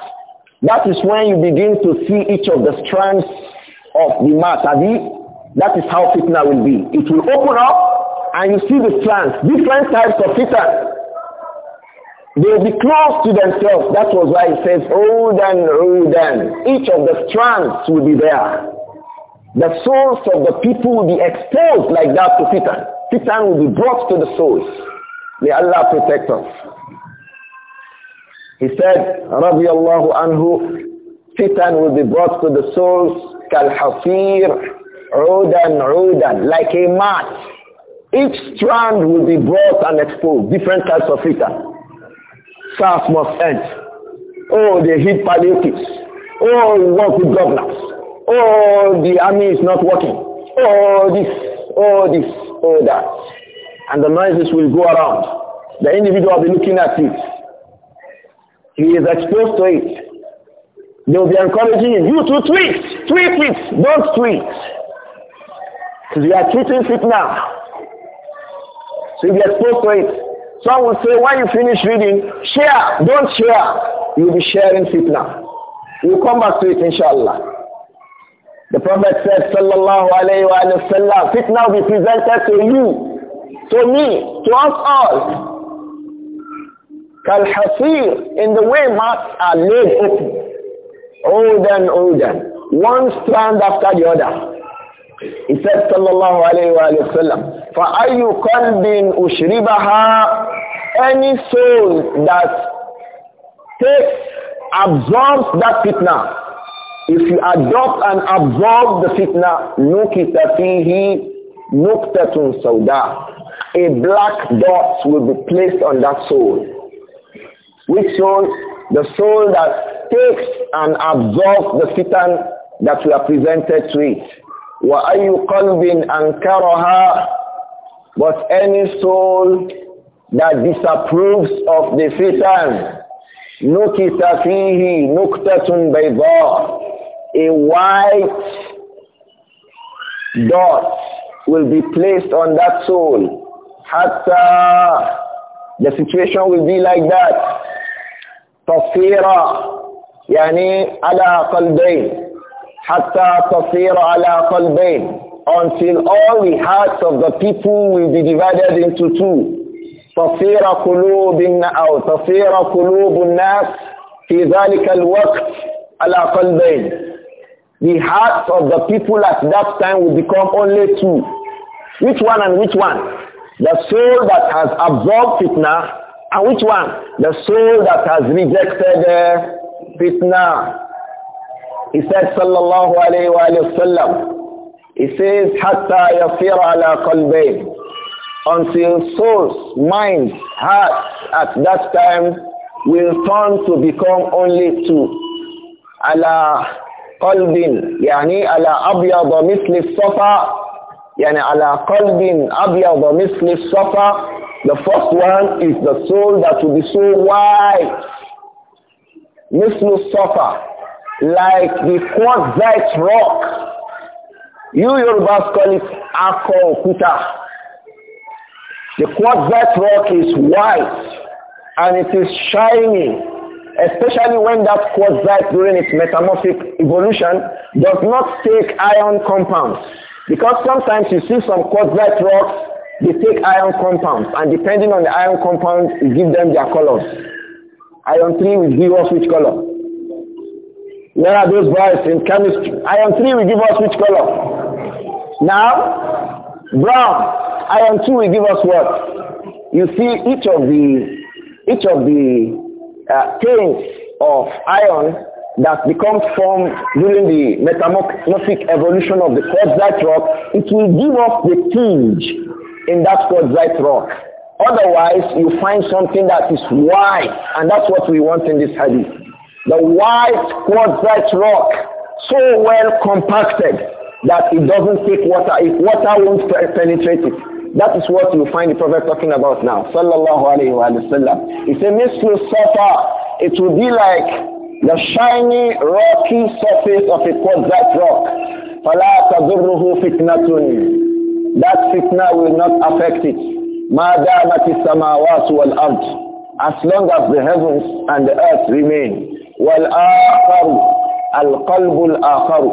that is when you begin to see each of the strands of the mat. That is how fitna will be. It will open up and you see the strands, different types of fitna. They will be close to themselves. That was why it says, hold and." Each of the strands will be there. The souls of the people will be exposed like that to fitna. Fitna will be brought to the souls. May Allah protect us. He said, رضي الله عنه, fitan will be brought to the souls كالحصير عودا عودا, like a mat. Each strand will be brought and exposed, different types of fitan. SARS must end. Oh, they hit palliatives. Oh, work with governors. Oh, the army is not working. Oh, this, oh, this, oh, that. And the noises will go around. The individual will be looking at it. He is exposed to it. They will be encouraging you to tweet, tweet it, don't tweet. Because you are tweeting it now. So you'll be exposed to it. Some will say, when you finish reading, share, don't share. You'll be sharing fitna. You'll come back to it, inshallah. The Prophet said, sallallahu alayhi wa sallam, fitna will be presented to you, to me, to us all. Kalhasir, in the way mats are laid open, older and older, one strand after the other. He said, sallallahu alayhi wa sallam, فَأَيُّ قَلْبٍ أُشْرِبَهَا Any soul that takes, absorbs that fitna, if you adopt and absorb the fitna, نُكِتَ فِيهِ نُكْتَةٌ سَوْدَى A black dot will be placed on that soul which shows the soul that takes and absorbs the fitan that we are presented to it. وَأَيُّ قَلْبٍ أَنْكَرَهَا But any soul that disapproves of the fitan, نُكِتَ فِيهِ نُكْتَةٌ بَيْضَاءٌ A white dot will be placed on that soul. Hatta the situation will be like that. تصير يعني على قلبين حتى تصير على قلبين until all the hearts of the people will be divided into two تصير قلوب أو تصير قلوب الناس في ذلك الوقت على قلبين the hearts of the people at that time will become only two which one and which one the soul that has absorbed fitna and which one? The soul that has rejected uh, fitna. He said, sallallahu alayhi wa, sallam, he says, hatta yafir ala qalbayn. Until souls, minds, hearts at that time will turn to become only two. Ala qalbin, yani ala abyad misli safa يعني على قلب أبيض مثل الصفا The first one is the soul that will be so white. Mislif safa Like the quartzite rock. You Yorubas call it Akko Kuta. The quartzite rock is white and it is shining, especially when that quartzite during its metamorphic evolution does not take iron compounds. Because sometimes you see some quartzite rocks, they take iron compounds, and depending on the iron compound, you give them their colors. Iron 3 will give us which color? Where are those boys in chemistry? Iron 3 will give us which color? Now, brown. Iron 2 will give us what? You see each of the, each of the uh, things of iron that becomes formed during the metamorphic evolution of the quartzite rock, it will give off the tinge in that quartzite rock. Otherwise, you find something that is white, and that's what we want in this hadith. The white quartzite rock, so well compacted that it doesn't take water. If water won't penetrate it, that is what you find the Prophet talking about now. Sallallahu alayhi wa sallam. He said, Mislu Safa, it will be like the shiny rocky surface of a quartz rock. فَلَا تَضُرُّهُ فِتْنَةٌ That fitna will not affect it. مَا دَامَتِ السَّمَاوَاتُ وَالْأَرْضِ As long as the heavens and the earth remain. وَالْآخَرُ الْقَلْبُ الْآخَرُ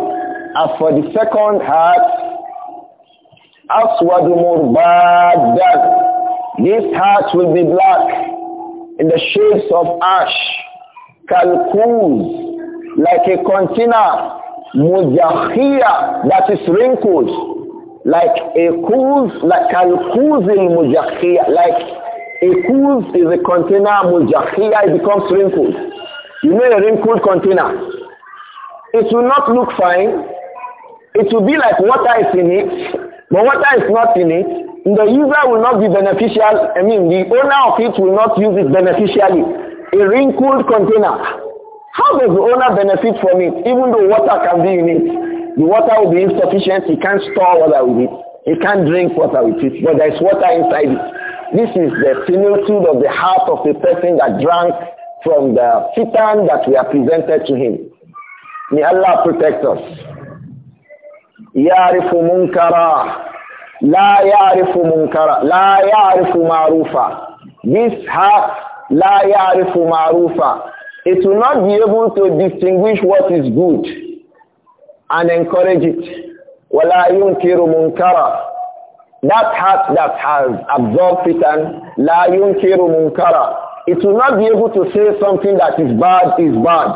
As for the second heart, أَسْوَدُ مُرْبَادًا This heart will be black in the shades of ash like a container. Mujakhia, that is wrinkled. Like a kuz, like can in mujakhia. Like a kuz is a container, mujakhia, it becomes wrinkled. You know a wrinkled container. It will not look fine. It will be like water is in it, but water is not in it. The user will not be beneficial. I mean, the owner of it will not use it beneficially a wrinkled container. How does the owner benefit from it? Even though water can be in it, the water will be insufficient. He can't store water with it. He can't drink water with it, but there is water inside it. This is the similitude of the heart of the person that drank from the fitan that we are presented to him. May Allah protect us. يعرف منكرا لا يعرف منكرا لا يعرف معروفا This heart La ya'rifu ma'rufa. It will not be able to distinguish what is good and encourage it. Wala yunkiru munkara. That heart that has absorbed fitan, la yunkiru munkara. It will not be able to say something that is bad is bad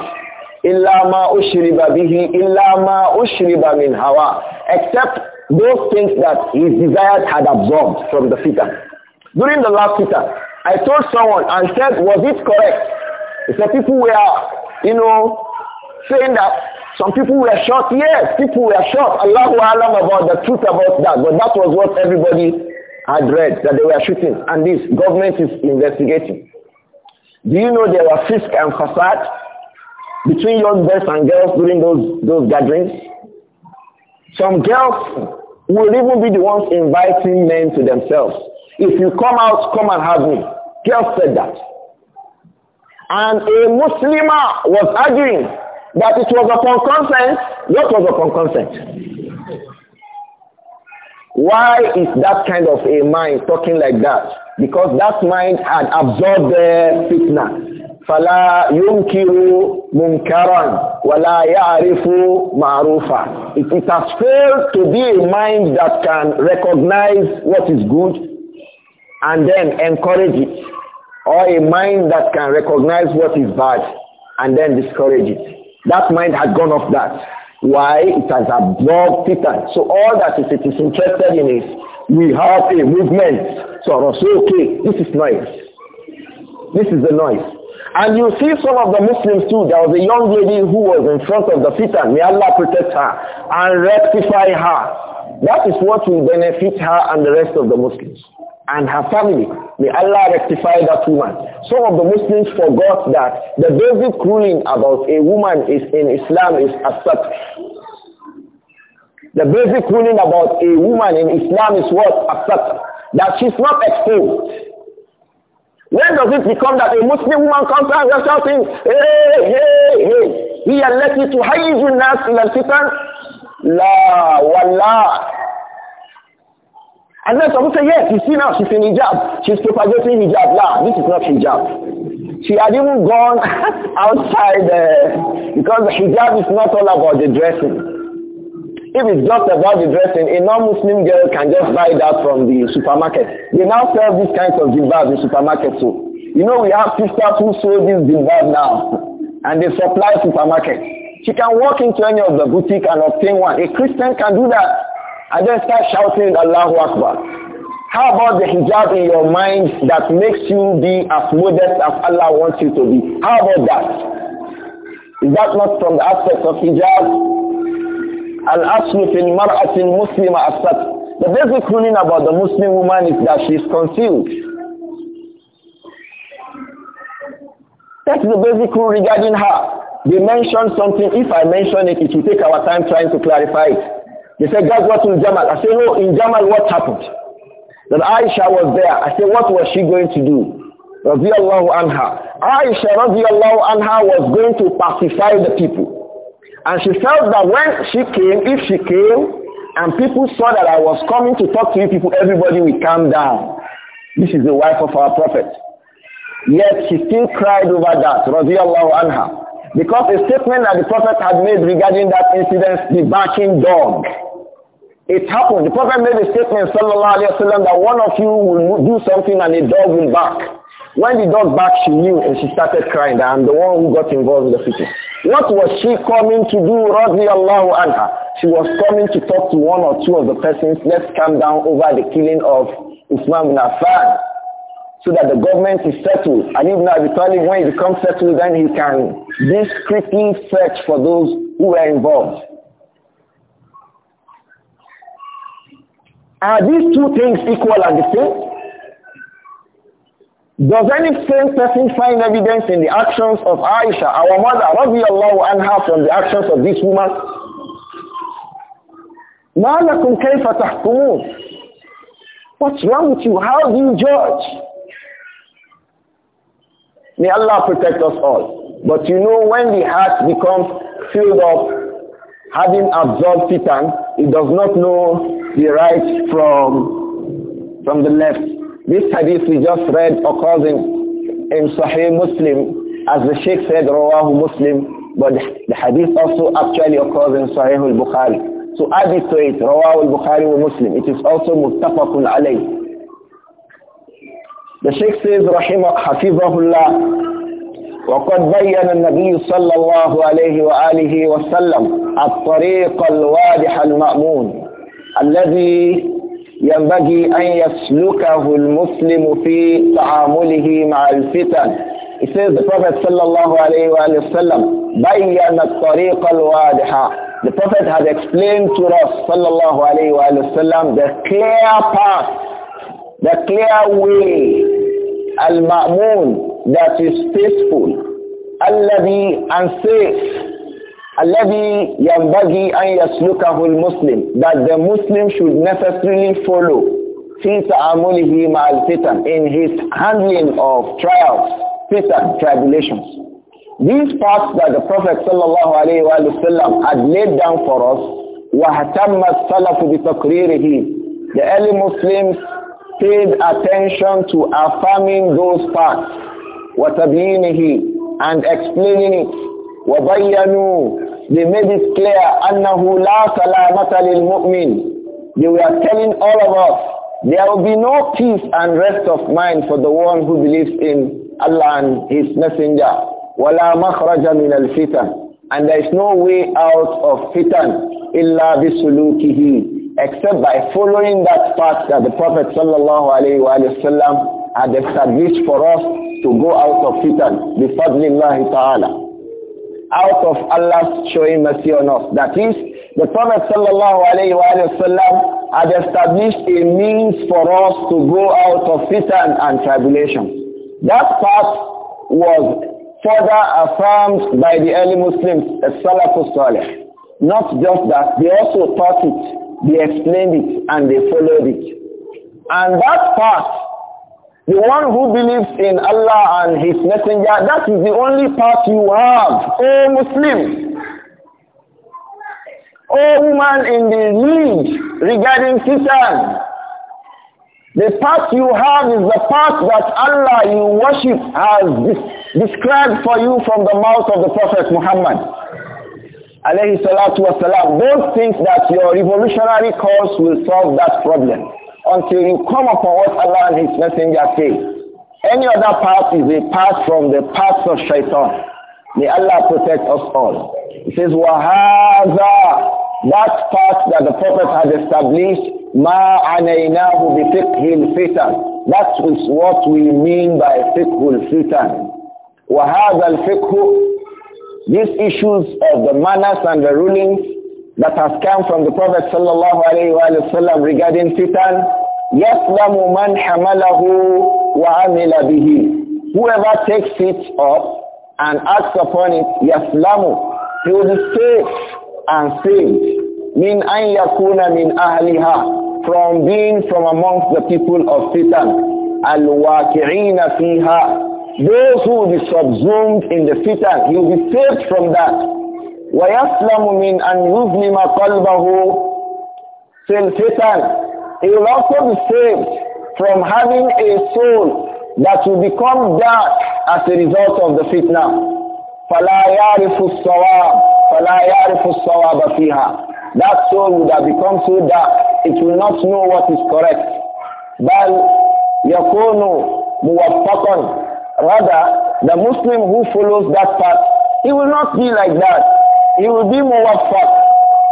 illa ma ushriba bihi illa ma ushriba min hawa except those things that his desires had absorbed from the fitan during the last fitan I told someone and said, was it correct? He said, people were, you know, saying that some people were shocked. Yes, people were shocked. Allahu Alam about the truth about that. But that was what everybody had read, that they were shooting. And this government is investigating. Do you know there were fisk and facade between young boys and girls during those, those gatherings? Some girls will even be the ones inviting men to themselves. If you come out, come and have me. Just said that. And a Muslimah was arguing that it was upon consent. What was upon consent? Why is that kind of a mind talking like that? Because that mind had absorbed the fitna. فَلَا يُنْكِرُ مُنْكَرًا وَلَا يَعْرِفُ مَعْرُوفًا It has failed to be a mind that can recognize what is good and then encourage it or a mind that can recognize what is bad and then discourage it. That mind had gone off that. Why? It has absorbed Satan. So all that is, it is interested in is we have a movement. So I say, okay, this is noise. This is the noise. And you see some of the Muslims too. There was a young lady who was in front of the fitan. May Allah protect her and rectify her. That is what will benefit her and the rest of the Muslims and her family. May Allah rectify that woman. Some of the Muslims forgot that the basic ruling about a woman is in Islam is asat. The basic ruling about a woman in Islam is what? Asat. That she's not exposed. When does it become that a Muslim woman comes out and shouting, hey, hey, hey, he allowed you to hide your nas in al La, wallah. And then someone say, yes, you see now, she's in hijab. She's propagating hijab. Nah, this is not hijab. She had even gone *laughs* outside uh, because hijab is not all about the dressing. If it's just about the dressing, a non-Muslim girl can just buy that from the supermarket. They now sell these kinds of jilbabs in supermarkets too. You know, we have sisters who sell these jilbabs now, and they supply supermarkets. She can walk into any of the boutique and obtain one. A Christian can do that. And then start shouting Allahu Akbar. How about the hijab in your mind that makes you be as modest as Allah wants you to be? How about that? Is that not from the aspect of hijab? Al-aslu fil mar'atin muslima asat. The basic ruling about the Muslim woman is that she is concealed. That's the basic rule regarding her. They mentioned something. If I mention it, it will take our time trying to clarify it. They said, that's what's in Jamal. I said, no, in Jamal what happened? That Aisha was there. I said, what was she going to do? Radiallahu anha. Aisha radiallahu anha was going to pacify the people. And she felt that when she came, if she came, and people saw that I was coming to talk to you people, everybody will calm down. This is the wife of our prophet. Yet she still cried over that, radiallahu anha. Because a statement that the prophet had made regarding that incident, the barking dog, it happened. The Prophet made a statement, sallallahu alayhi wasallam, that one of you will do something and a dog will bark. When the dog barked, she knew and she started crying that I'm the one who got involved in the fitting. What was she coming to do, radiallahu anha? She was coming to talk to one or two of the persons, let's calm down over the killing of Usman bin Affan so that the government is settled. And even Abi Talib, when he becomes settled, then he can discreetly search for those who were involved. Are these two things equal and the same? Does any sane person find evidence in the actions of Aisha, our mother, radiallahu anha, from the actions of this woman? مَا لَكُمْ كَيْفَ What's wrong with you? How do you judge? May Allah protect us all. But you know when the heart becomes filled up having absorbed fitan, he does not know the right from, from the left. This hadith we just read occurs in, in Sahih Muslim, as the Sheikh said, Rawahu Muslim, but the hadith also actually occurs in Sahih al-Bukhari. So add it to it, Rawahu al-Bukhari wa Muslim. It is also muttafaqun alayh. The Sheikh says, Rahimah Hafizahullah, وقد بين النبي صلى الله عليه وآله وسلم الطريق الواضح المأمون الذي ينبغي أن يسلكه المسلم في تعامله مع الفتن السيد Prophet صلى الله عليه وآله وسلم بين الطريق الواضح The Prophet had explained to us, صلى الله عليه واله وسلم the clear path, the clear way Al-Ma'mun, that is faithful. Alladhi and safe. Alladhi yambagi an yaslukahu al-Muslim, that the Muslim should necessarily follow. Fi ta'amulihi ma'al fitan, in his handling of trials, fitan, tribulations. These parts that the Prophet sallallahu alayhi wa had laid down for us, وَهَتَمَّ السَّلَفُ بِتَقْرِيرِهِ The early Muslims paid attention to affirming those facts, وَتَبْيِينِهِ and explaining it. وَبَيَّنُوا They made it clear أَنَّهُ لَا سَلَامَةَ لِلْمُؤْمِنِ They were telling all of us, there will be no peace and rest of mind for the one who believes in Allah and His Messenger. وَلَا min al-fitan, And there is no way out of fitan إِلَّا بِسُلُوكِهِ except by following that path that the Prophet sallallahu alayhi wa sallam had established for us to go out of fitan, bifadlillahi ta'ala. Out of Allah's showing mercy on us. That is, the Prophet sallallahu alayhi wa sallam had established a means for us to go out of fitan and tribulation. That path was further affirmed by the early Muslims, as Salafus Salih. Not just that, they also taught it they explained it and they followed it. And that path, the one who believes in Allah and His Messenger, that is the only path you have, O Muslim. O woman in the need regarding Satan, the path you have is the path that Allah you worship has described for you from the mouth of the Prophet Muhammad alayhi salatu wasalam, don't think that your revolutionary cause will solve that problem until you come upon what Allah and His Messenger say. Any other path is a path from the path of shaitan. May Allah protect us all. He says, وَهَذَا That path that the Prophet had established, مَا عَنَيْنَاهُ بِفِقْهِ fitan. That is what we mean by fitan. الْفِتَنِ al الْفِقْهُ these issues of the manners and the rulings that has come from the Prophet sallallahu alayhi wa regarding fitan, يَسْلَمُ مَنْ حَمَلَهُ وَعَمِلَ بِهِ Whoever takes it up and acts upon it, يَسْلَمُ He will be safe and saved. مِنْ أَنْ يَكُونَ مِنْ أَهْلِهَا From being from amongst the people of fitan. الْوَاكِعِينَ فِيهَا those who will be subsumed in the fitan, you will be saved from that. وَيَسْلَمُ مِنْ أَنْ يُظْلِمَ قَلْبَهُ فِي الْفِتَنِ He will also be saved from having a soul that will become dark as a result of the fitna. فَلَا يَعْرِفُ الصَّوَابَ فَلَا يَعْرِفُ الصَّوَابَ فِيهَا That soul would have become so dark, it will not know what is correct. بَلْ يَكُونُ مُوَفَّقًا Rather, the Muslim who follows that path, he will not be like that. He will be more muwaffaq.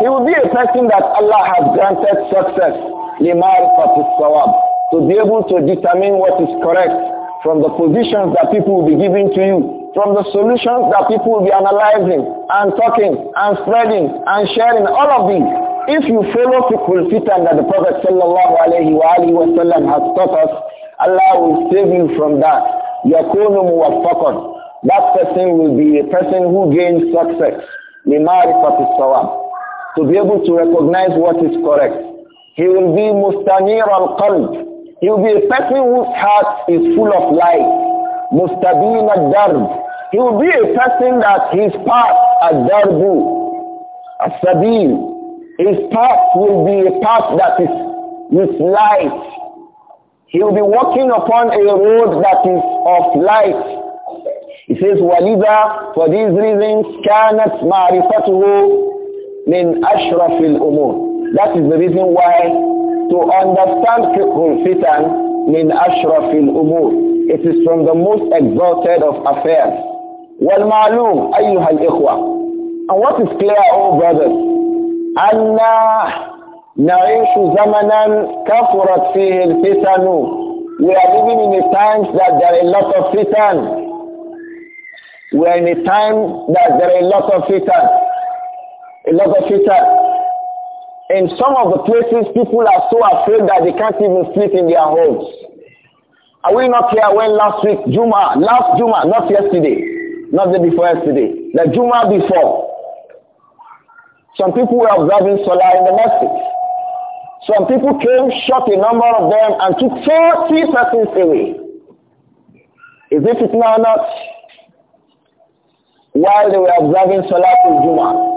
He will be a person that Allah has granted success, limar sawab, to be able to determine what is correct from the positions that people will be giving to you, from the solutions that people will be analyzing and talking and spreading and sharing, all of these. If you follow the fitan that the Prophet sallallahu alayhi wa has taught us, Allah will save you from that. يَكُونُ مُوَفَّقًا That person will be a person who gains success. لِمَعْرِفَةِ الصَّوَابِ To be able to recognize what is correct. He will be al qalb. He will be a person whose heart is full of light. al darb. He will be a person that his path, al السَّبِيلِ His path will be a path that is with light, he will be walking upon a road that is of light. He says, وَلِذَا For these reasons, كَانَتْ مَعْرِفَتُهُ مِنْ أَشْرَفِ الْأُمُورِ That is the reason why to understand fiqhul fitan min ashrafil umur. It is from the most exalted of affairs. وَالْمَعْلُومِ أَيُّهَا الْإِخْوَةِ And what is clear, O oh brothers, أَنَّا نعيش zamanan كثرت فيه الفتن We are living in a time that there are a lot of fitan. We are in a time that there are a lot of fitan. A lot of fitan. In some of the places, people are so afraid that they can't even sleep in their homes. Are we not here when last week, Juma, last Juma, not yesterday, not the before yesterday, the Juma before, some people were observing solar in the mosque. Some people came, shot a number of them, and took 40 persons away. Is it fitna or not? While they were observing Salatul Jummah.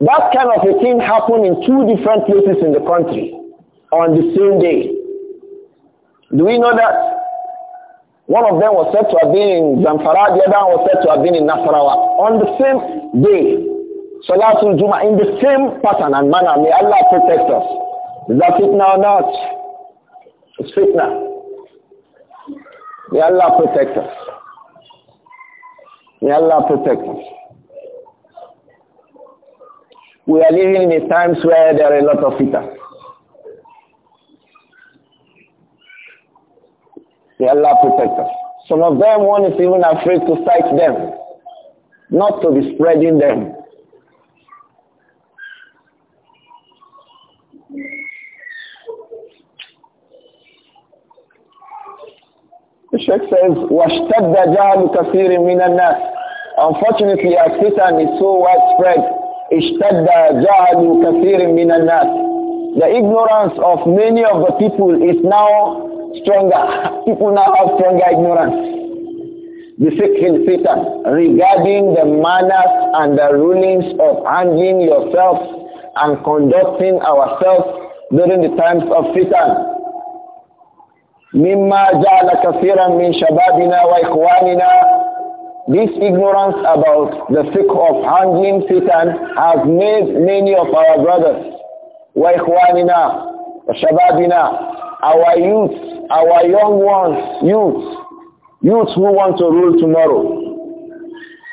That kind of a thing happened in two different places in the country on the same day. Do we know that? One of them was said to have been in Zamfara, the other one was said to have been in Nasarawa on the same day. Salatul Juma in the same pattern and manner. May Allah protect us. Is that fitna or not? It's fitna. May Allah protect us. May Allah protect us. We are living in times where there are a lot of fitna. May Allah protect us. Some of them one is even afraid to fight them, not to be spreading them. Sheikh says, وَاشْتَدَّ جَعْلُ كَثِيرٍ مِنَ النَّاسِ Unfortunately, as Satan is so widespread, اشْتَدَّ جَعْلُ كَثِيرٍ مِنَ النَّاسِ The ignorance of many of the people is now stronger. *laughs* People now have stronger ignorance. The second Satan regarding the manners and the rulings of handling yourself and conducting ourselves during the times of Satan. مما جعل كثيرا من شبابنا وإخواننا This ignorance about the fiqh of handling fitan has made many of our brothers, وإخواننا, وشبابنا, our youth, our young ones, youth, youth who want to rule tomorrow,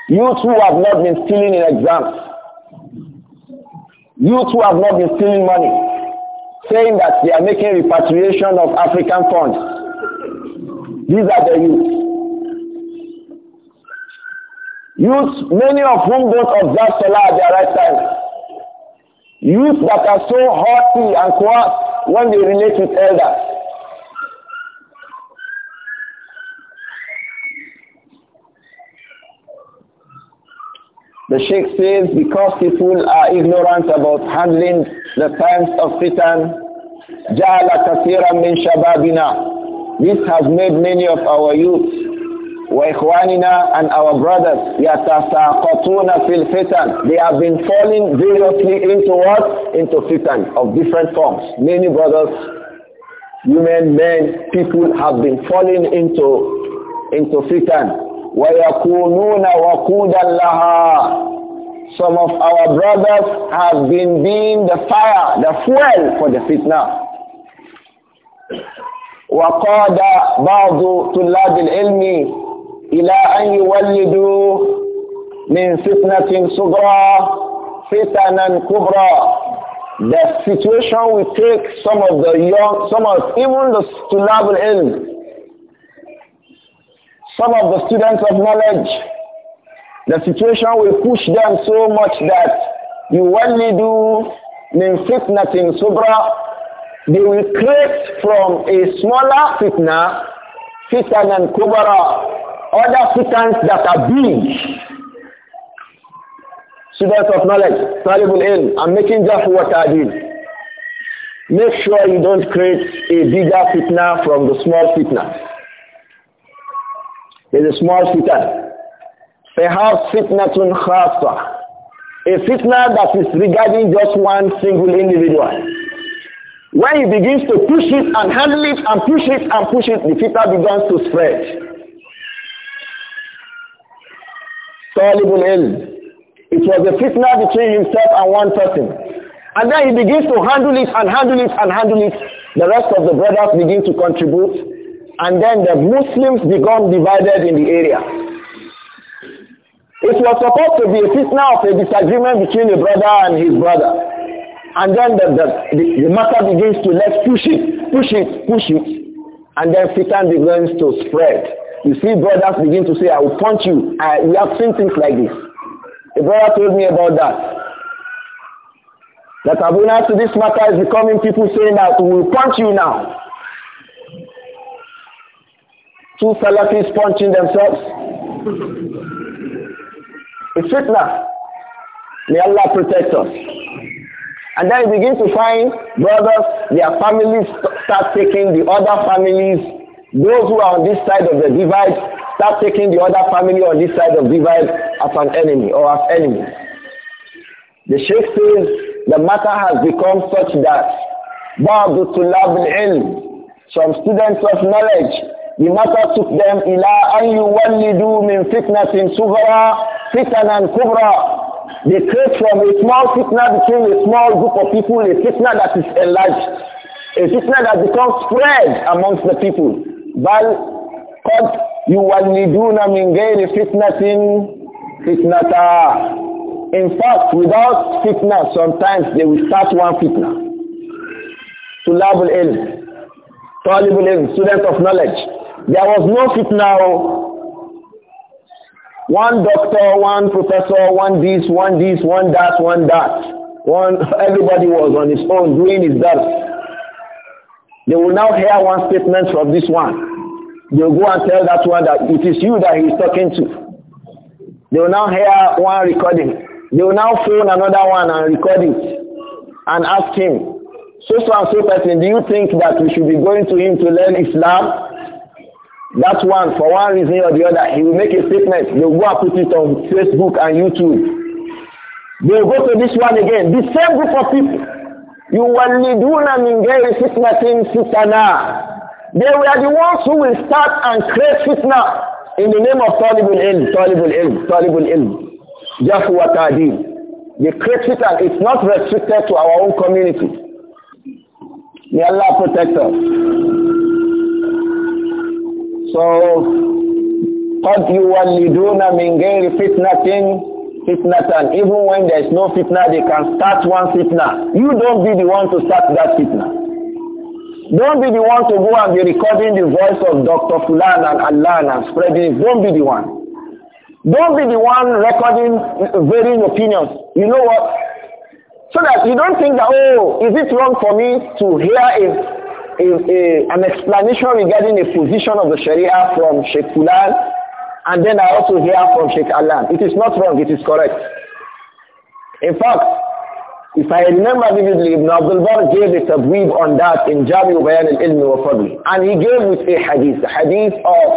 youth who have not been stealing in exams, youth who have not been stealing money, saying that they are making repatriation of African funds. These are the youth. Youth, many of whom don't observe Salah at the right time. Youth that are so haughty and coarse when they relate with elders. The Sheikh says because people are ignorant about handling the times of fitan, جَعَلَ كَثِيرًا min shababīna. This has made many of our youth, وَإِخْوَانِنَا and our brothers, يَتَسَاقَطُونَ fil fitan They have been falling variously into what? Into fitan of different forms. Many brothers, women, men, people have been falling into, into fitan. وَيَكُونُونَ وَقُودًا لَهَا some of our brothers have been being the fire, the fuel for the fitna. وقاد بعض طلاب العلم إلى أن يولدوا من فتنة صغرى فتنا كبرى The situation we take some of the young, some of even the طلاب العلم, some of the students of knowledge the situation will push them so much that you only do fitna in subra. They will create from a smaller fitna, fitan and kubara, other fitans that are big students of knowledge, talibul in, I'm making just what I did. Make sure you don't create a bigger fitna from the small fitna. It's a small fitna. Perhaps fitnatun khasa. A fitna that is regarding just one single individual. When he begins to push it and handle it and push it and push it, the fitna begins to spread. Talibul ilm. It was a fitna between himself and one person. And then he begins to handle it and handle it and handle it. The rest of the brothers begin to contribute. And then the Muslims become divided in the area. It was supposed to be a fitna of a disagreement between a brother and his brother. And then the, the, the, the matter begins to let's push it, push it, push it. And then fitan begins to spread. You see brothers begin to say, I will punch you. I, we have seen things like this. A brother told me about that. That abundance to this matter is becoming people saying that we will punch you now. Two Salafis punching themselves. It's fitna. May Allah protect us. And then you begin to find brothers, their families start taking the other families, those who are on this side of the divide, start taking the other family on this side of divide as an enemy or as enemies. The Sheikh says the matter has become such that Ba'du Tulab al some students of knowledge, the matter took them ila an yuwallidu min fitnatin sughra fitan and kubra. They create from a small fitna between a small group of people, a fitna that is enlarged, a fitna that becomes spread amongst the people. but قد يولدون من غير فتنة فتنة In fact, without fitna, sometimes they will start one fitna. To level ilm talib al-ilm, student of knowledge. There was no fitna oh. One doctor, one professor, one this, one this, one that, one that. One, everybody was on his own doing his best. They will now hear one statement from this one. They'll go and tell that one that it is you that he's talking to. They will now hear one recording. They will now phone another one and record it and ask him, so so and so person, do you think that we should be going to him to learn Islam? That one, for one reason or the other, he will make a statement. They will go and put it on Facebook and YouTube. They will go to this one again. The same group of people. You وَلِّدُونَ مِنْ غَيْرِ فِتْنَةٍ فِتَنَا They were the ones who will start and create fitna in the name of Talibul Ilm, Talibul Ilm, Talibul Ilm. Just what I did. The create fitna is not restricted to our own community. May Allah protect us so you do قد يولدون من nothing, fitna and even when there is no fitna they can start one fitna you don't be the one to start that fitna don't be the one to go and be recording the voice of Dr. Fulan and Allah and spreading it don't be the one don't be the one recording varying opinions you know what so that you don't think that oh is it wrong for me to hear a a, a, an explanation regarding the position of the Sharia from Sheikh Fulan, and then I also hear from Sheikh Alan. It is not wrong, it is correct. In fact, if I remember vividly, Ibn Abdul Bar gave a tabweeb on that in Jami Ubayan al-Ilm wa Fadli. And he gave with a hadith, the hadith of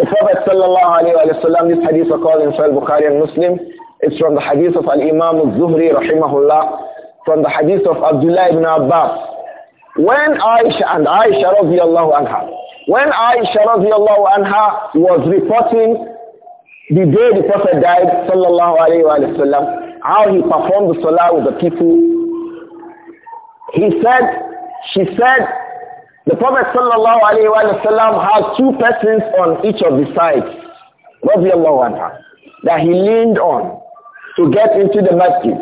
the Prophet sallallahu alayhi wa sallam, this hadith are called in Sahih Bukhari and Muslim. It's from the hadith of Al-Imam al-Zuhri rahimahullah, from the hadith of Abdullah ibn Abbas when Aisha and Aisha radiallahu anha, when Aisha radiallahu anha was reporting the day the Prophet died, sallallahu alayhi wa sallam, how he performed the salah with the people, he said, she said, the Prophet sallallahu alayhi wa sallam had two persons on each of the sides, radiallahu anha, that he leaned on to get into the masjid.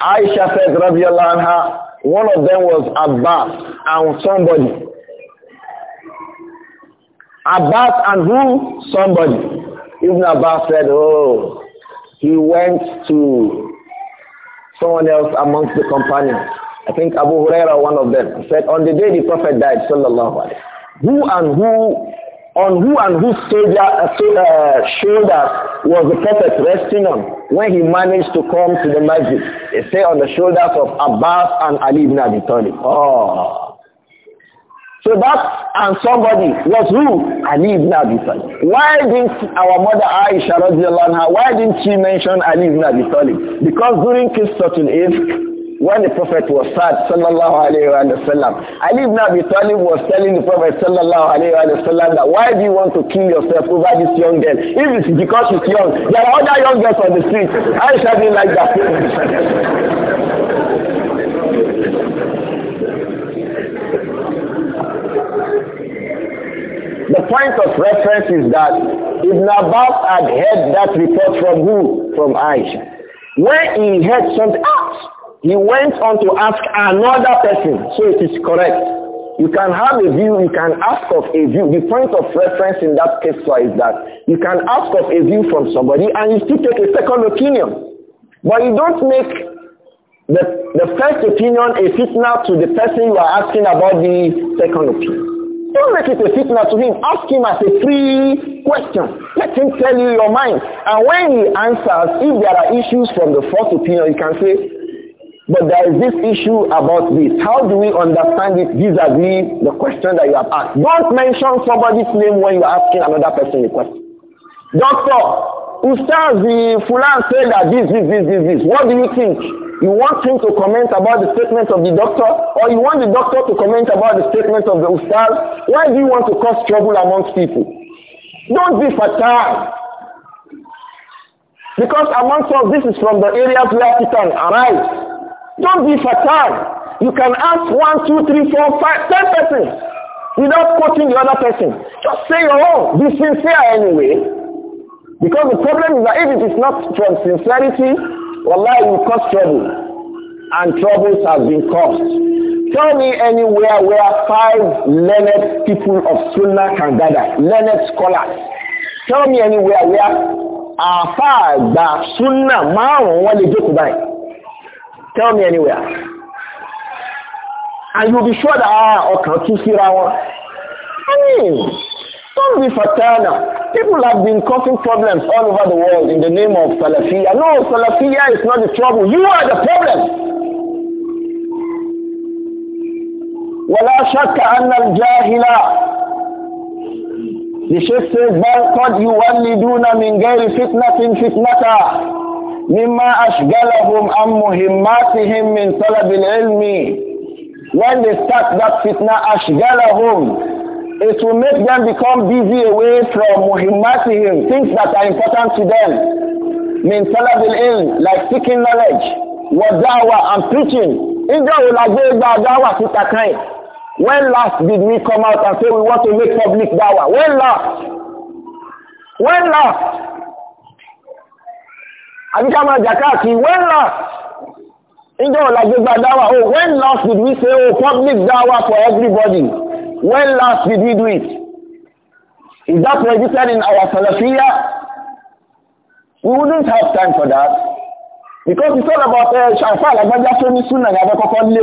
Aisha said, radiallahu anha, one of them was Abbas and somebody. Abbas and who? Somebody. Ibn Abbas said, oh, he went to someone else amongst the companions. I think Abu Huraira, one of them, said, on the day the Prophet died, sallallahu alayhi who and who on who and whose shoulder uh, uh, shoulders was the prophet resting on when he managed to come to the masjid? They say on the shoulders of Abbas and Ali ibn Abi Talib. Oh. So that and somebody was who? Ali ibn Abi Talib. Why didn't our mother Aisha why didn't she mention Ali ibn Abi Talib? Because during Qissatul is when the Prophet was sad, sallallahu alayhi wa sallam, Ali ibn Abi Talib was telling the Prophet sallallahu alayhi wa sallam that why do you want to kill yourself over this young girl? If it's because she's young, there are other young girls on the street. I shall be like that. the point of reference is that Ibn Abbas had heard that report from who? From Aisha. When he heard something, ah, he went on to ask another person. So it is correct. You can have a view, you can ask of a view. The point of reference in that case is that you can ask of a view from somebody and you still take a second opinion. But you don't make the, the first opinion a fitna to the person you are asking about the second opinion. Don't make it a fitna to him. Ask him as a free question. Let him tell you your mind. And when he answers, if there are issues from the first opinion, you can say, but there is this issue about this. How do we understand it vis-a-vis the question that you have asked? Don't mention somebody's name when you're asking another person a question. Doctor, Ustaz Fulan said that this, this, this, this, this. What do you think? You want him to comment about the statement of the doctor? Or you want the doctor to comment about the statement of the Ustaz? Why do you want to cause trouble amongst people? Don't be fatal. Because amongst us, this is from the area of African, arise. Don't be fatal. You can ask one, two, three, four, five, ten persons without quoting the other person. Just say your own. Be sincere anyway. Because the problem is that if it is not from sincerity, wallahi will cause trouble. And troubles have been caused. Tell me anywhere where five learned people of Sunnah can gather, learned scholars. Tell me anywhere where àfáàgbà ah, Sunnah márùn-ún wọ́n lè jókòó Tell me anywhere. And you'll be sure that, ah, okay, to see that one. I mean, don't be fraternal. People have been causing problems all over the world in the name of Salafiyah. No, Salafiyah is not the trouble. You are the problem. ولا شك أن الجاهل the Sheikh says, بل قد يولدون من غير فتنة فتنة مما أشغلهم عن مهماتهم من طلب العلم when they start that fitna ashgalahum it will make them become busy away from muhimmatihim things that are important to them min talab al like seeking knowledge wa da'wa and preaching inda ulagbe gba da'wa sita when last did we come out and say we want to make public da'wa when last when last when last dáwà oh when last did we say oh public dáwà for everybody when last did we do it is that registered in our Salafiyya we wouldn't have time for that because it's all about ṣàfà eh,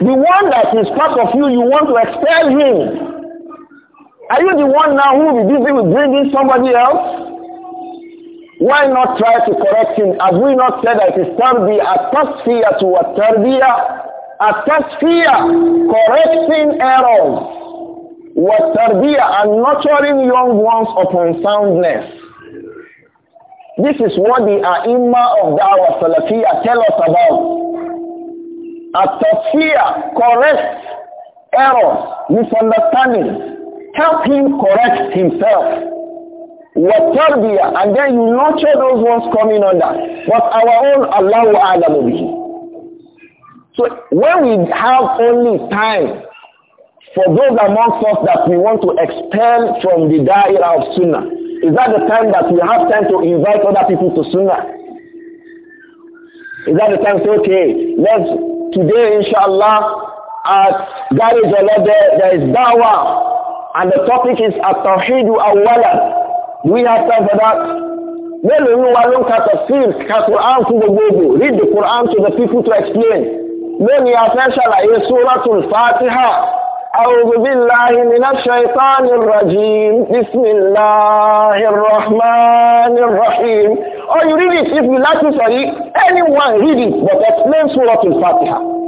the one that is part of you you want to expel him are you the one now who will be busy with bringing somebody else why not try to correct him? Have we not said that it is tarbiyah, at-tasfiyah to at-tarbiyah? At-tasfiyah, correcting errors. Wat-tarbiyah, and nurturing young ones upon soundness. This is what the Aima of Dawah Salafiyah tell us about. A tasfiyah correct errors, misunderstandings. Help him correct himself. وَالتَّرْبِيَةِ And then you nurture those ones coming under. But our own Allah A'lamu bihi. So when we have only time for those amongst us that we want to expel from the daira of sunnah, is that the time that we have time to invite other people to sunnah? Is that the time to say, okay, let's, today inshallah, at Garage there is dawah and the topic is At-Tawheed We have time for that. Mélòó ní wa ló ń ka tafsir ka Quran fún gbogbogbò read the Quran to the people to explain. Lónìí a fẹ́ ṣàlàyé Suratul Fatiha. أعوذ بالله من الشيطان الرجيم بسم الله الرحمن الرحيم. Or oh, you read it if you like to study anyone read it but explain Suratul Fatiha.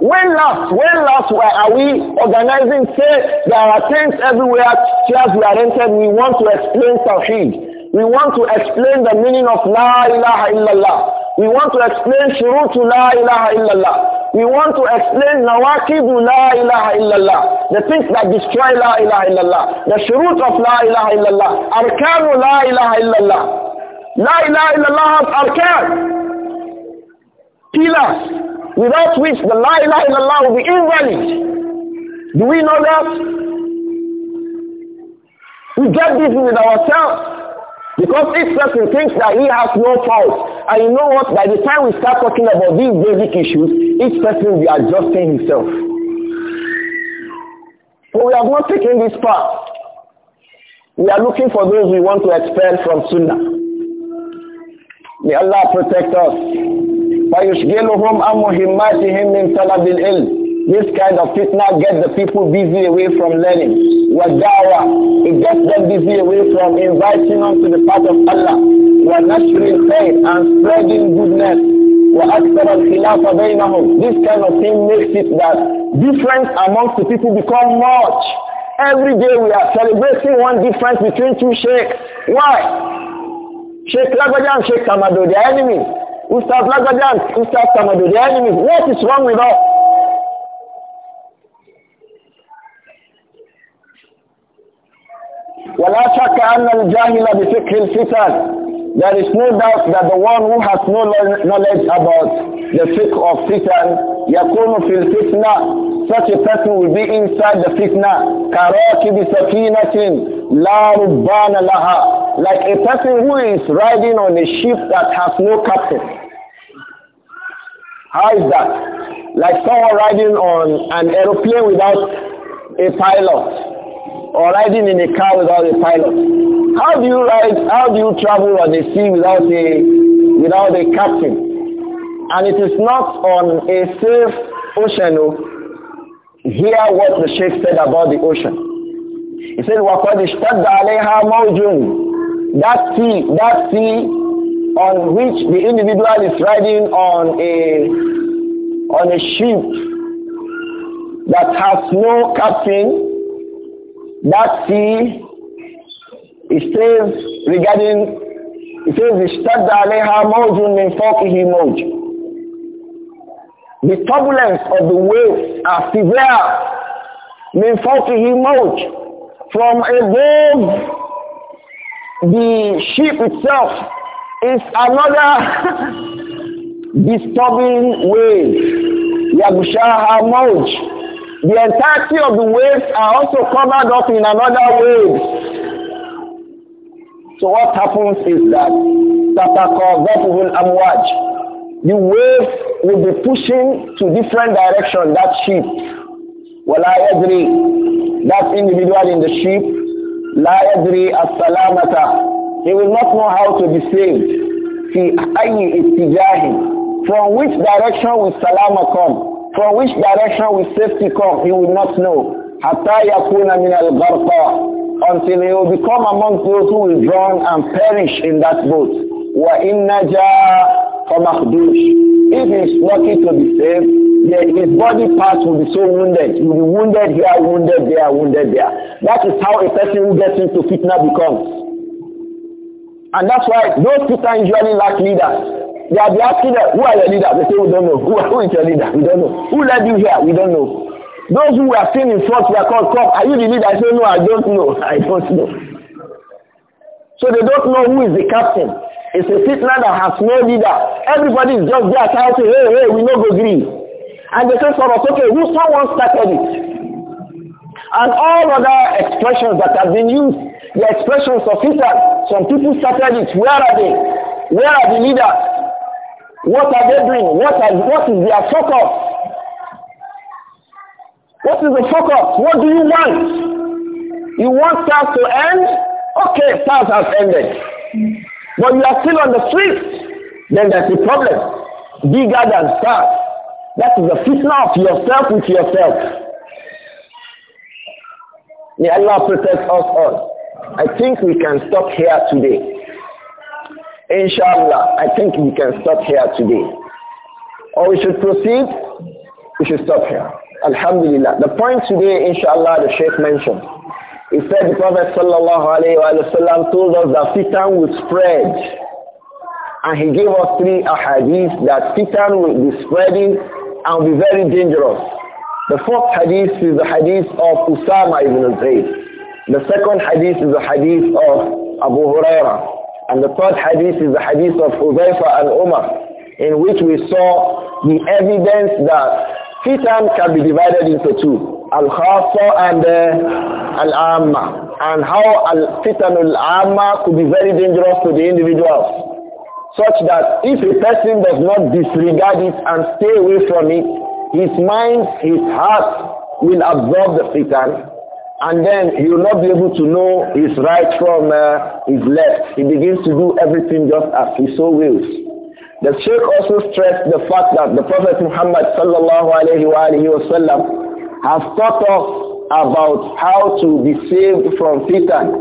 When last, when last were, are we organizing, say, there are tents everywhere, chairs we are rented, we want to explain Tawheed. We want to explain the meaning of La ilaha illallah. We want to explain Shurutu La ilaha illallah. We want to explain Nawakibu La ilaha illallah. The things that destroy La ilaha illallah. The Shurut of La ilaha illallah. Arkanu La ilaha illallah. La ilaha illallah has arkan. Pillars without which the La ilaha illallah will be invalid. Do we know that? We get this with ourselves. Because each person thinks that he has no fault, and you know what, by the time we start talking about these basic issues, each person will be adjusting himself. But we have not taken this path. We are looking for those we want to expel from Sunnah. May Allah protect us. فَيُشْغِلُهُمْ أَمْ مُهِمَّاتِهِمْ مِنْ طَلَبِ الْعِلْمِ this kind of fitna gets the people busy away from learning. Wadawa, it gets them busy away from inviting them to the path of Allah. Wanashri faith and spreading goodness. وَأَكْثَرَ الْخِلَافَ بَيْنَهُمْ This kind of thing makes it that difference amongst the people become much. Every day we are celebrating one difference between two sheikhs. Why? Sheikh Lagbaja and Sheikh Tamado, they are enemies. Ustaz Lagajan, Ustaz Samadu, the enemies. What is wrong with us? ولا شك أن الجاهل بفكر الفتن There is no doubt that the one who has no knowledge about the fiqh of fitan, yakunu fil fitna, such a person will be inside the fitna, karakibi sakinatin, la rubbana laha, like a person who is riding on a ship that has no captain. How is that? Like someone riding on an aeroplane without a pilot, or riding in a car without a pilot. How do you ride, how do you travel on the sea without a, without a captain? And it is not on a safe ocean. Oh. Hear what the Sheikh said about the ocean. He said, وَقَدْ alayha عَلَيْهَا That sea, that sea on which the individual is riding on a, on a ship that has no captain, that sea it says regarding, it says, اشتد عليها موج من فوقه موج. The turbulence of the waves are severe. من فوقه موج. From above the ship itself is another *laughs* disturbing wave. Yagushaha Moj. The entirety of the waves are also covered up in another wave. So what happens is that تَتَقَذَفُهُ amwaj, The waves will be pushing to different direction that ship. I agree. That individual in the ship, لَا يَدْرِي السَّلَامَةَ He will not know how to be saved. فِي أَيِّ اتِّجَاهٍ From which direction will salama come? from which direction will safety come, he will not know. Hatta yakuna min الغرقى until he will become amongst those who will drown and perish in that boat. Najah جَاءَ فَمَخْدُوشٍ If he's lucky to be saved, then his body parts will be so wounded. He will be wounded here, wounded there, wounded there. That is how a person who gets into fitna becomes. And that's why those people usually lack leaders. They are asking them, who are your leaders? They say, we don't know. *laughs* Who, who is your leader? We don't know. Who led you here? We don't know. Those who were seen in front were called, come, are you the leader? I say, no, I don't know. *laughs* I don't know. So they don't know who is the captain. It's a fitna that has no leader. Everybody is just there shouting, hey, hey, we no go green." And they say for us, okay, who someone started it? And all other expressions that have been used, the expressions of fitna, some people started it. Where are they? Where are the leaders? What are they doing? What, are, what is their focus? What is the focus? What do you want? You want SARS to end? Okay, SARS has ended. But you are still on the street. Then that's a problem. Bigger than SARS. That is the fitna of yourself with yourself. May Allah protect us all. I think we can stop here today. Inshallah, I think we can stop here today. Or we should proceed, we should stop here. Alhamdulillah. The point today, inshallah, the Sheikh mentioned. He said the Prophet sallallahu told us that fitan will spread. And he gave us three ahadith that fitan will be spreading and will be very dangerous. The fourth hadith is the hadith of Usama ibn Zayd. The second hadith is the hadith of Abu Huraira. And the third hadith is the hadith of Huzaifa and Umar, in which we saw the evidence that Fitan can be divided into two, al-khassa and uh, al-amma. And how al-fitan al-amma could be very dangerous to the individuals. Such that if a person does not disregard it and stay away from it, his mind, his heart will absorb the fitan and then he will not be able to know his right from uh, his left. He begins to do everything just as he so wills. The Sheikh also stressed the fact that the Prophet Muhammad sallallahu alayhi wasallam has taught us about how to be saved from fitan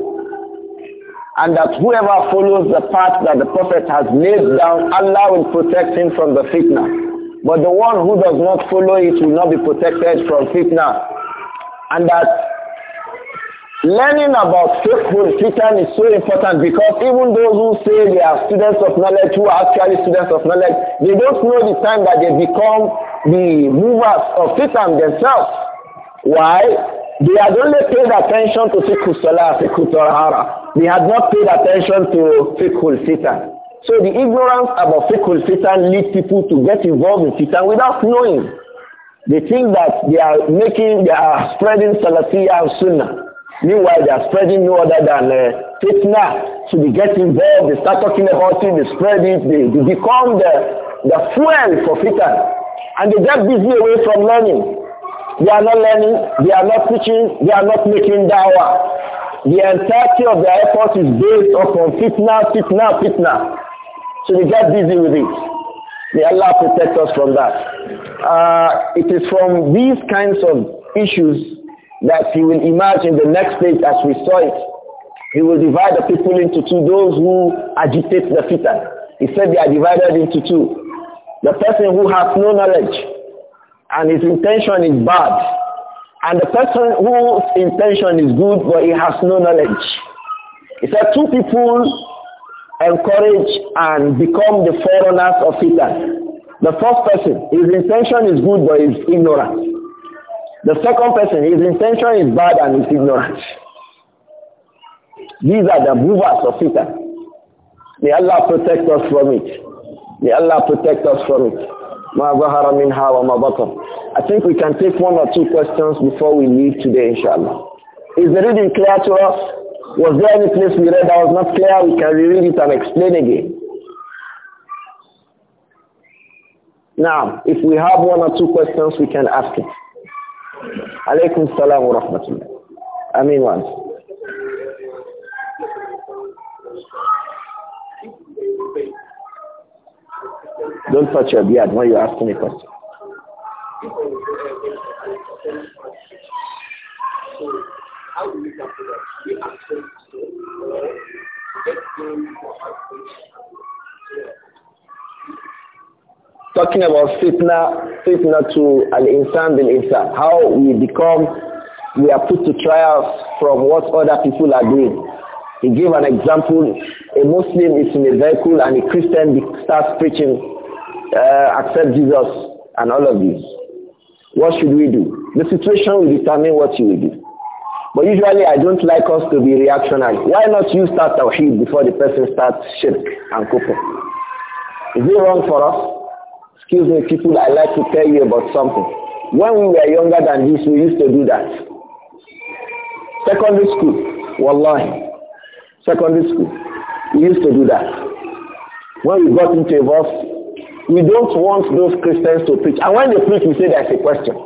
and that whoever follows the path that the Prophet has laid down, Allah will protect him from the fitna. But the one who does not follow it will not be protected from fitna. And that Learning about fiqhul fitan is so important because even those who say they are students of knowledge, who are actually students of knowledge, they don't know the time that they become the movers of fitan themselves. Why? They had only paid attention to fiqhul salah, They had not paid attention to fiqhul fitan. So the ignorance about fiqhul fitan leads people to get involved in fitan without knowing. They think that they are making, they are spreading salafiyah and sunnah. Meanwhile, they are spreading no other than uh, fitna. So they get involved, they start talking about it, they spread it, they, they become the, the fuel for fitna. And they get busy away from learning. They are not learning, they are not teaching, they are not making dawah. The entirety of their effort is based upon fitna, fitna, fitna. So they get busy with it. May Allah protect us from that. Uh, it is from these kinds of issues that he will emerge in the next stage as we saw it. He will divide the people into two, those who agitate the fitan. He said they are divided into two. The person who has no knowledge and his intention is bad. And the person whose intention is good but he has no knowledge. He said two people encourage and become the forerunners of fitan. The first person, his intention is good but he is ignorant. The second person, his intention is bad and is ignorant. These are the movers of Satan. May Allah protect us from it. May Allah protect us from it. I think we can take one or two questions before we leave today, inshallah. Is the reading clear to us? Was there any place we read that was not clear? We can reread it and explain again. Now, if we have one or two questions, we can ask it. Alaykum salam wa rahmatullah. I mean once. Don't touch your beard when you ask me a question talking about fitna, fitna to al-insan bil-insan, how we become, we are put to trials from what other people are doing. He gave an example, a Muslim is in a vehicle and a Christian starts preaching, uh, accept Jesus and all of this. What should we do? The situation will determine what you will do. But usually I don't like us to be reactionary. Why not you start tawheed before the person starts shirk and kufr? Is it wrong for us? Excuse me, people, I like to tell you about something. When we were younger than this, we used to do that. Secondary school, wallahi. Secondary school, we used to do that. When we got into a bus, we don't want those Christians to preach. And when they preach, we say there's a question.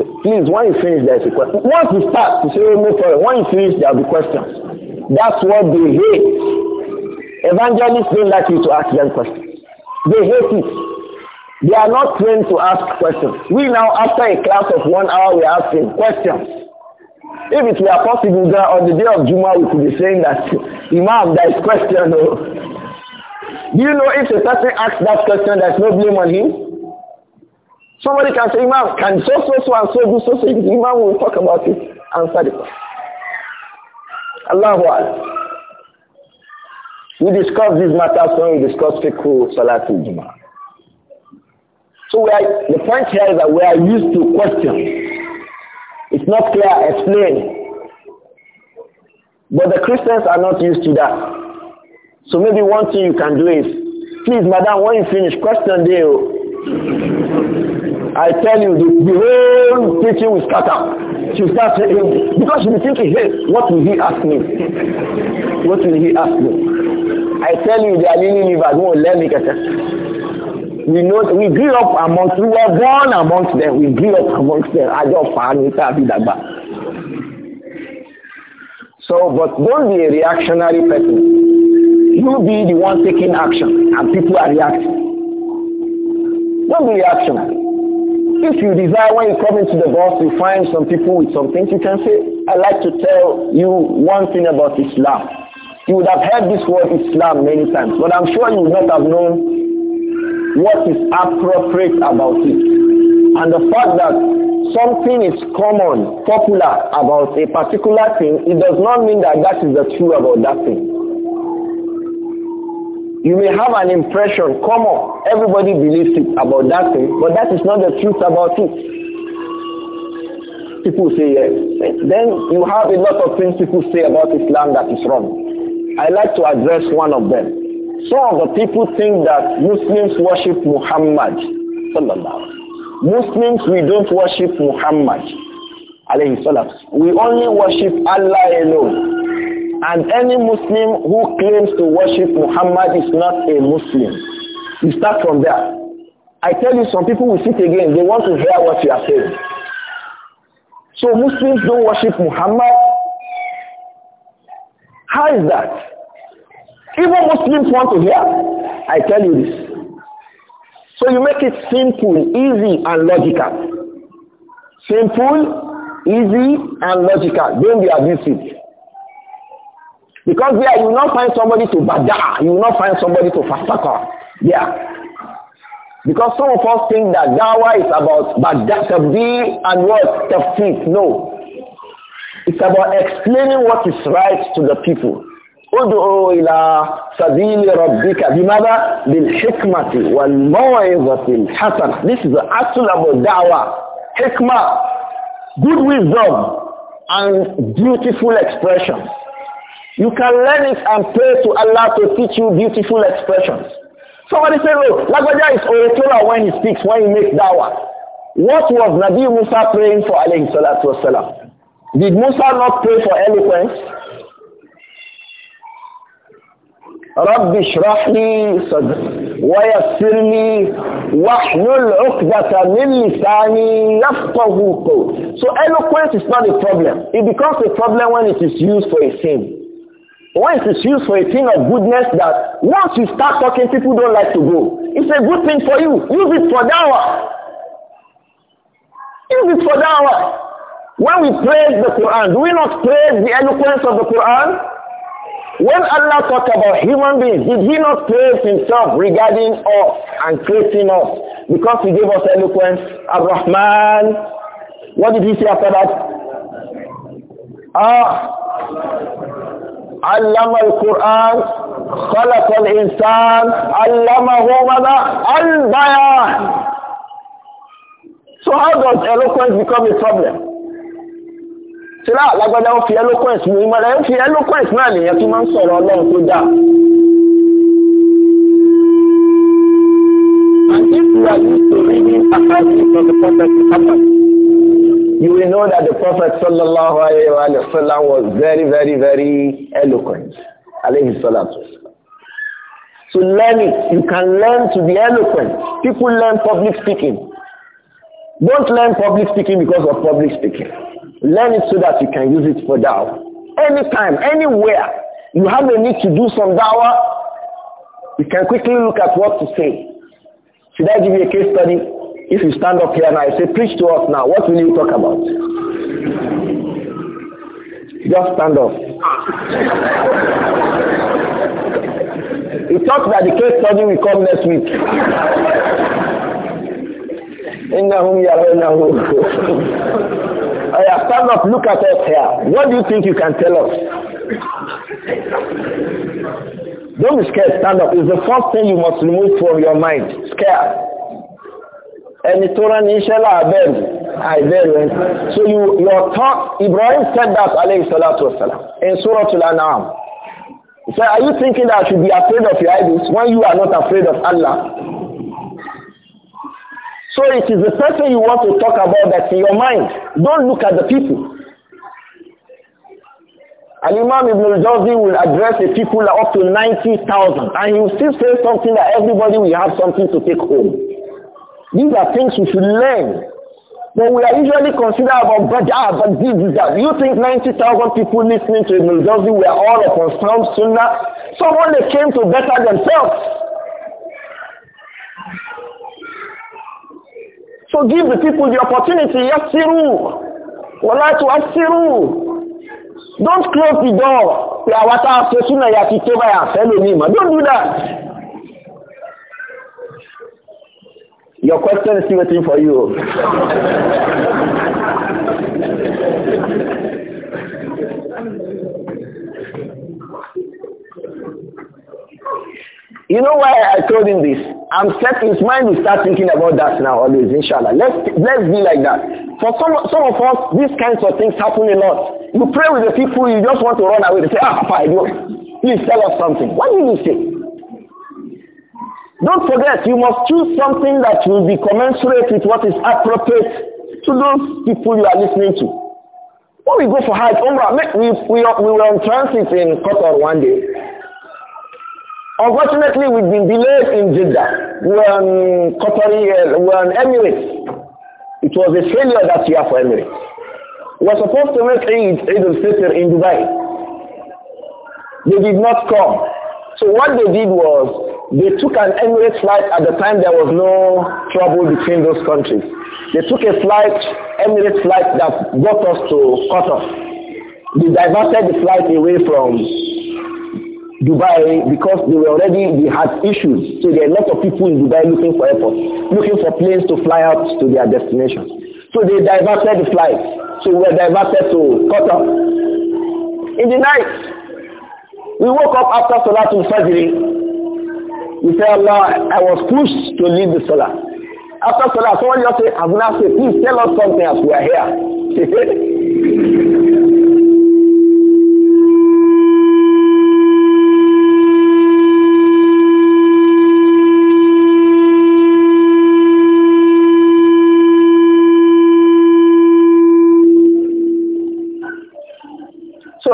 So please, when you finish, there's a question. Once you start, you say, oh, no problem. When you finish, there'll be questions. That's what they hate. Evangelists don't like you to ask them questions. They hate it. They are not trained to ask questions. We now, after a class of one hour, we are asking questions. If it were possible that on the day of Juma, we could be saying that, Imam, there is question. Oh. Do you know if a person asks that question, there's no blame on him? Somebody can say, Imam, can so, so, so, and so do so, so. Imam will talk about it. Answer the question. Allah Akbar. We discuss these matters when we discuss fiqh, salatul Juma. So we are, the point here is that we are used to question. It's not clear, explain. But the Christians are not used to that. So maybe one thing you can do is, please madam, when you finish, question there. Oh. I tell you, the, the whole teaching will scatter. She will start saying, because she will be thinking, hey, what will he ask me? What will he ask me? I tell you, they are leaning me won't let me get it we know we grew up amongst we were born amongst them we grew up amongst them don't find it a fi dàgbà. So, but don't be a reactionary person. You be the one taking action and people are reacting. Don't be reactionary. If you desire when you come into the bus, you find some people with some things, you can say, i like to tell you one thing about Islam. You would have heard this word Islam many times, but I'm sure you would not have known what is appropriate about it. And the fact that something is common, popular about a particular thing, it does not mean that that is the truth about that thing. You may have an impression, common, everybody believes it about that thing, but that is not the truth about it. People say yes. Then you have a lot of things people say about Islam that is wrong. I like to address one of them. Some of the people think that Muslims worship Muhammad. Muslims, we don't worship Muhammad. We only worship Allah alone. And any Muslim who claims to worship Muhammad is not a Muslim. You start from there. I tell you, some people will sit again. They want to hear what you are saying. So Muslims don't worship Muhammad. How is that? Even Muslims want to hear. I tell you this. So you make it simple, easy, and logical. Simple, easy, and logical. Don't be abusive. Because there you will not find somebody to bada, you will not find somebody to fasaka. Yeah. Because some of us think that dawah is about bada, be, and what? Tafsir. No. It's about explaining what is right to the people. ادعو إلى سبيل ربك بماذا؟ بالحكمة والموعظة الحسنة This is the actual of da'wah. Hikmah, good wisdom, and beautiful expressions. You can learn it and pray to Allah to teach you beautiful expressions. Somebody say, look, Lagwaja is oratora when he speaks, when he makes da'wah. What was Nabi Musa praying for alayhi salatu wasalam? Did Musa not pray for eloquence? رب اشرح لي صدري ويسر لي واحلل عقدة من لساني يفقه قولي So eloquence is not a problem. It becomes a problem when it is used for a sin. When it is used for a thing of goodness that once you start talking, people don't like to go. It's a good thing for you. Use it for dawah. Use it for dawah. When we praise the Quran, do we not praise the eloquence of the Quran? When Allah talked about human beings, did he not praise himself regarding us and creating us? Because he gave us eloquence, Ar-Rahman. What did he say after that? Ah, علم القرآن خلق الإنسان علمه ماذا البيان So how does eloquence become a problem? tíra lágbádá ó fi eloquence mú ìmọ̀ràn ó fi eloquence náà nìyẹn tó máa ń sọ̀rọ̀ ọlọ́run tó dáa. you you will know that the prophet sallallahu alayhi wa sallam was very, very, very eloquent. Alayhi salatu So learn it. You can learn to be eloquent. People learn public speaking. Don't learn public speaking because of public speaking. Learn it so that you can use it for dawah. Anytime, anywhere, you have a need to do some dawah, you can quickly look at what to say. Should I give you a case study? If you stand up here and I say, preach to us now, what will you talk about? Just stand up. It's not that the case study will come next week. إنهم *laughs* innahum. *laughs* Oh, stand up, look at us here. What do you think you can tell us? Don't be scared, stand up. It's the first thing you must remove from your mind. Scare. And it's all an iṣẹ́ láàbẹ̀rù, àìbẹ̀rù ẹni. So you, your thought, Ibrahim said that, alayhi salatu wasalam, in Surah Al-An'am. He said, are you thinking that I should be afraid of your idols when you are not afraid of Allah? So it is the person you want to talk about that's in your mind. Don't look at the people. And Imam Ibn al-Jawzi will address the people up to 90,000 and he will still say something that everybody will have something to take home. These are things we should learn. But we are usually considered about but ah, but this, this, that. You think 90,000 people listening to Ibn al-Jawzi were all upon sound sunnah? Someone they came to better themselves. So give the people the opportunity. Yasiru. Wala to asiru. Don't close the door. Don't do that. Your question is still waiting for you. You know why I told him this? I'm set, his mind will start thinking about that now always, inshallah. Let's, let's be like that. For some, some of us, these kinds of things happen a lot. You pray with the people, you just want to run away. They say, ah, Papa, please tell us something. What did you say? Don't forget, you must choose something that will be commensurate with what is appropriate to those people you are listening to. When we go for Hajj, Umrah, we, we, we were on transit in Qatar one day. Unfortunately, we've been delayed in Jeddah. We were in Qatari, uh, we were in Emirates. It was a failure that year for Emirates. We were supposed to make Eid, Eid al-Fitr in Dubai. They did not come. So what they did was, they took an Emirates flight at the time there was no trouble between those countries. They took a flight, Emirates flight that got us to Qatar. They diverted the flight away from Dubai because they were already they had issues. So there are a lot of people in Dubai looking for airports, looking for planes to fly out to their destinations. So they diverted the flights. So we were diverted to Qatar. In the night, we woke up after to Fajr. We said, Allah, I was pushed to leave the Salah. After Salah, someone just said, Abuna say please tell us something as we are here. *laughs*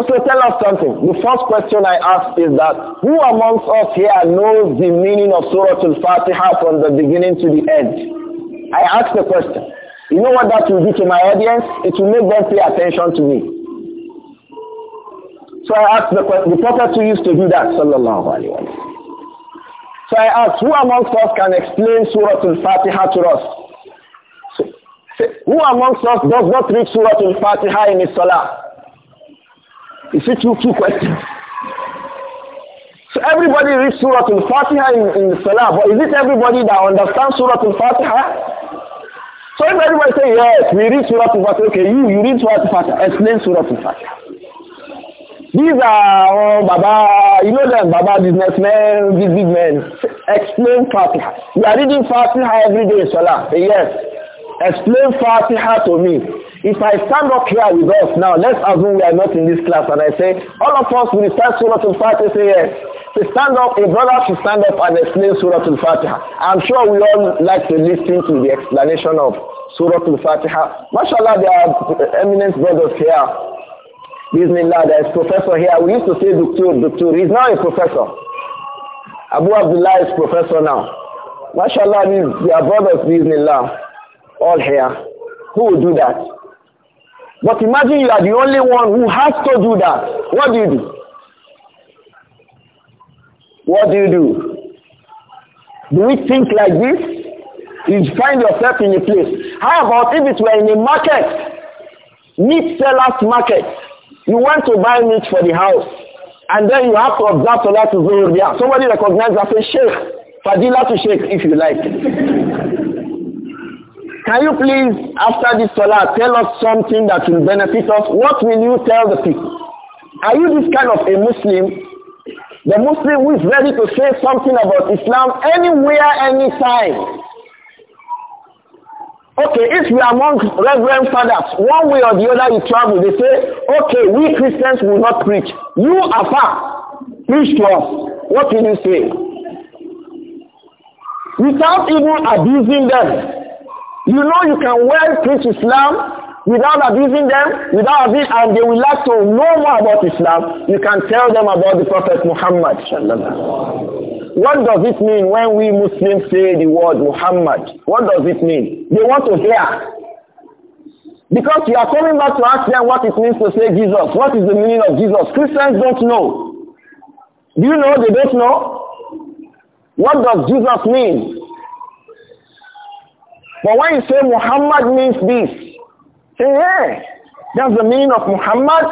so tell us something. The first question I ask is that who amongst us here knows the meaning of Surah Al-Fatiha from the beginning to the end? I ask the question. You know what that will do to my audience? It will make them pay attention to me. So I ask the question. The Prophet used to do that, sallallahu alayhi wa So I ask: who amongst us can explain Surah Al-Fatiha to us? So, who amongst us does not read Surah Al-Fatiha in his salah? He said two, two questions. So everybody reads Surah Al-Fatiha in, in the Salah, but is it everybody that understands Surah Al-Fatiha? So if everybody say, yes, we read Surah Al-Fatiha, okay, you, you read Surah Al-Fatiha, explain Surah Al-Fatiha. These are oh, Baba, you know them, Baba businessmen, big, big men. Explain Fatiha. You are reading Fatiha every day in Salah. Say, yes, explain Fatiha to me. If I stand up here with us now, let's assume we are not in this class, and I say, all of us will stand Surah Al-Fatiha, say yes. To stand up, a brother should stand up and explain Surah Al-Fatiha. I'm sure we all like to listen to the explanation of Surah Al-Fatiha. MashaAllah, there are eminent brothers here. Bismillah, there is professor here. We used to say doctor, doctor. He's now a professor. Abu Abdullah is professor now. MashaAllah, these, are brothers, Bismillah, all here. Who will do that? But imagine you are the only one who has to do that. What do you do? What do you do? Do we think like this? You find yourself in a place. How about if it were in a market? Meat seller's market. You want to buy meat for the house. And then you have to observe Salah to Zuhur. Somebody recognizes that a sheikh. Fadila to sheikh if you like. *laughs* Can you please, after this salah, tell us something that will benefit us? What will you tell the people? Are you this kind of a Muslim? The Muslim who is ready to say something about Islam anywhere, anytime. Okay, if we are among reverend fathers, one way or the other you travel, they say, okay, we Christians will not preach. You are far. Preach to us. What will you say? Without even abusing them, you know you can well preach Islam without abusing them, without abusing, and they will like to know more about Islam. You can tell them about the Prophet Muhammad. What does it mean when we Muslims say the word Muhammad? What does it mean? They want to hear. Because you are coming back to ask them what it means to say Jesus. What is the meaning of Jesus? Christians don't know. Do you know they don't know? What does Jesus mean? But when you say Muhammad means this, say, yeah, that's the meaning of Muhammad.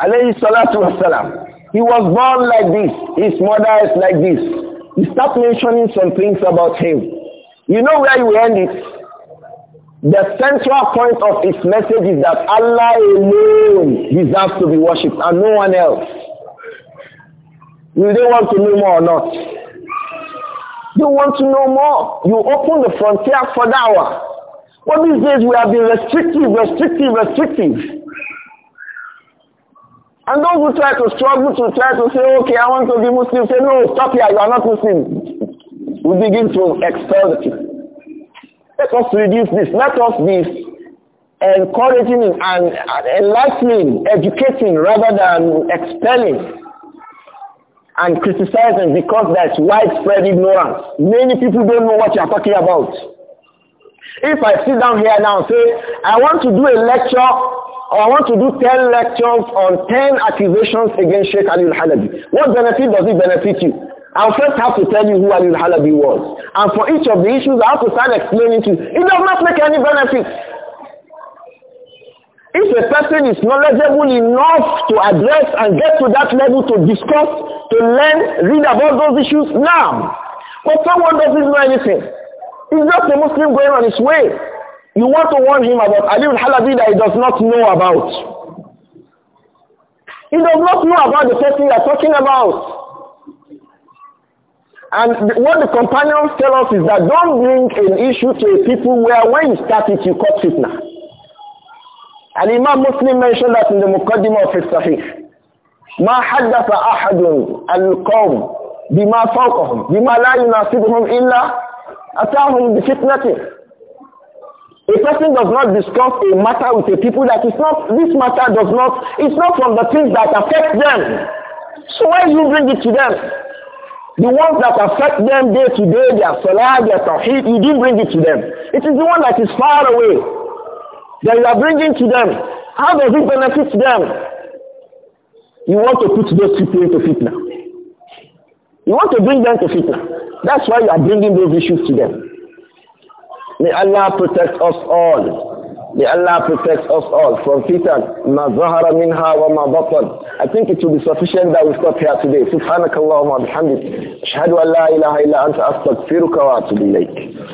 Alayhi salatu wasalam. He was born like this. His mother is like this. You start mentioning some things about him. You know where you end it? The central point of his message is that Allah alone deserves to be worshipped and no one else. You don't want to know more or not. You want to know more. You open the frontier for dawah. But these days we have been restrictive, restrictive, restrictive. And those who try to struggle to try to say, okay, I want to be Muslim, say, no, stop here, you are not Muslim. We begin to expel the people. Let us reduce this. Let us be encouraging and enlightening, educating rather than expelling and criticizing because there's widespread ignorance. Many people don't know what you're talking about. If I sit down here now and say, I want to do a lecture or I want to do 10 lectures on 10 accusations against Sheikh Ali al-Halabi, what benefit does it benefit you? I will first have to tell you who Ali al-Halabi was. And for each of the issues, I have to start explaining to you. It does not make any benefit. If a person is knowledgeable enough to address and get to that level to discuss, to learn, read about those issues, now. But someone doesn't know anything. He's just a Muslim going on his way. You want to warn him about Ali al-Halabi that he does not know about. He does not know about the person you are talking about. And what the companions tell us is that don't bring an issue to a people where when you start it, you cause fitna. And Imam Muslim mentioned that in the Muqaddimah of his Sahih. ما حدث أحد القوم بما فوقهم بما لا يناسبهم إلا أتاهم بفتنة a person does not discuss a matter with a people that is not, this matter does not, it's not from the things that affect them. So why you bring it to them? The ones that affect them day to day, their salah, their tawheed, you didn't bring it to them. It is the one that is far away that you are bringing to them, how does it benefit them? You want to put those people into fitna. You want to bring them to fitna. That's why you are bringing those issues to them. May Allah protect us all. May Allah protect us all from fitan. ما minha wa وما I think it will be sufficient that we stop here today. سبحانك اللهم وبحمدك. أشهد أن لا إله إلا أنت أستغفرك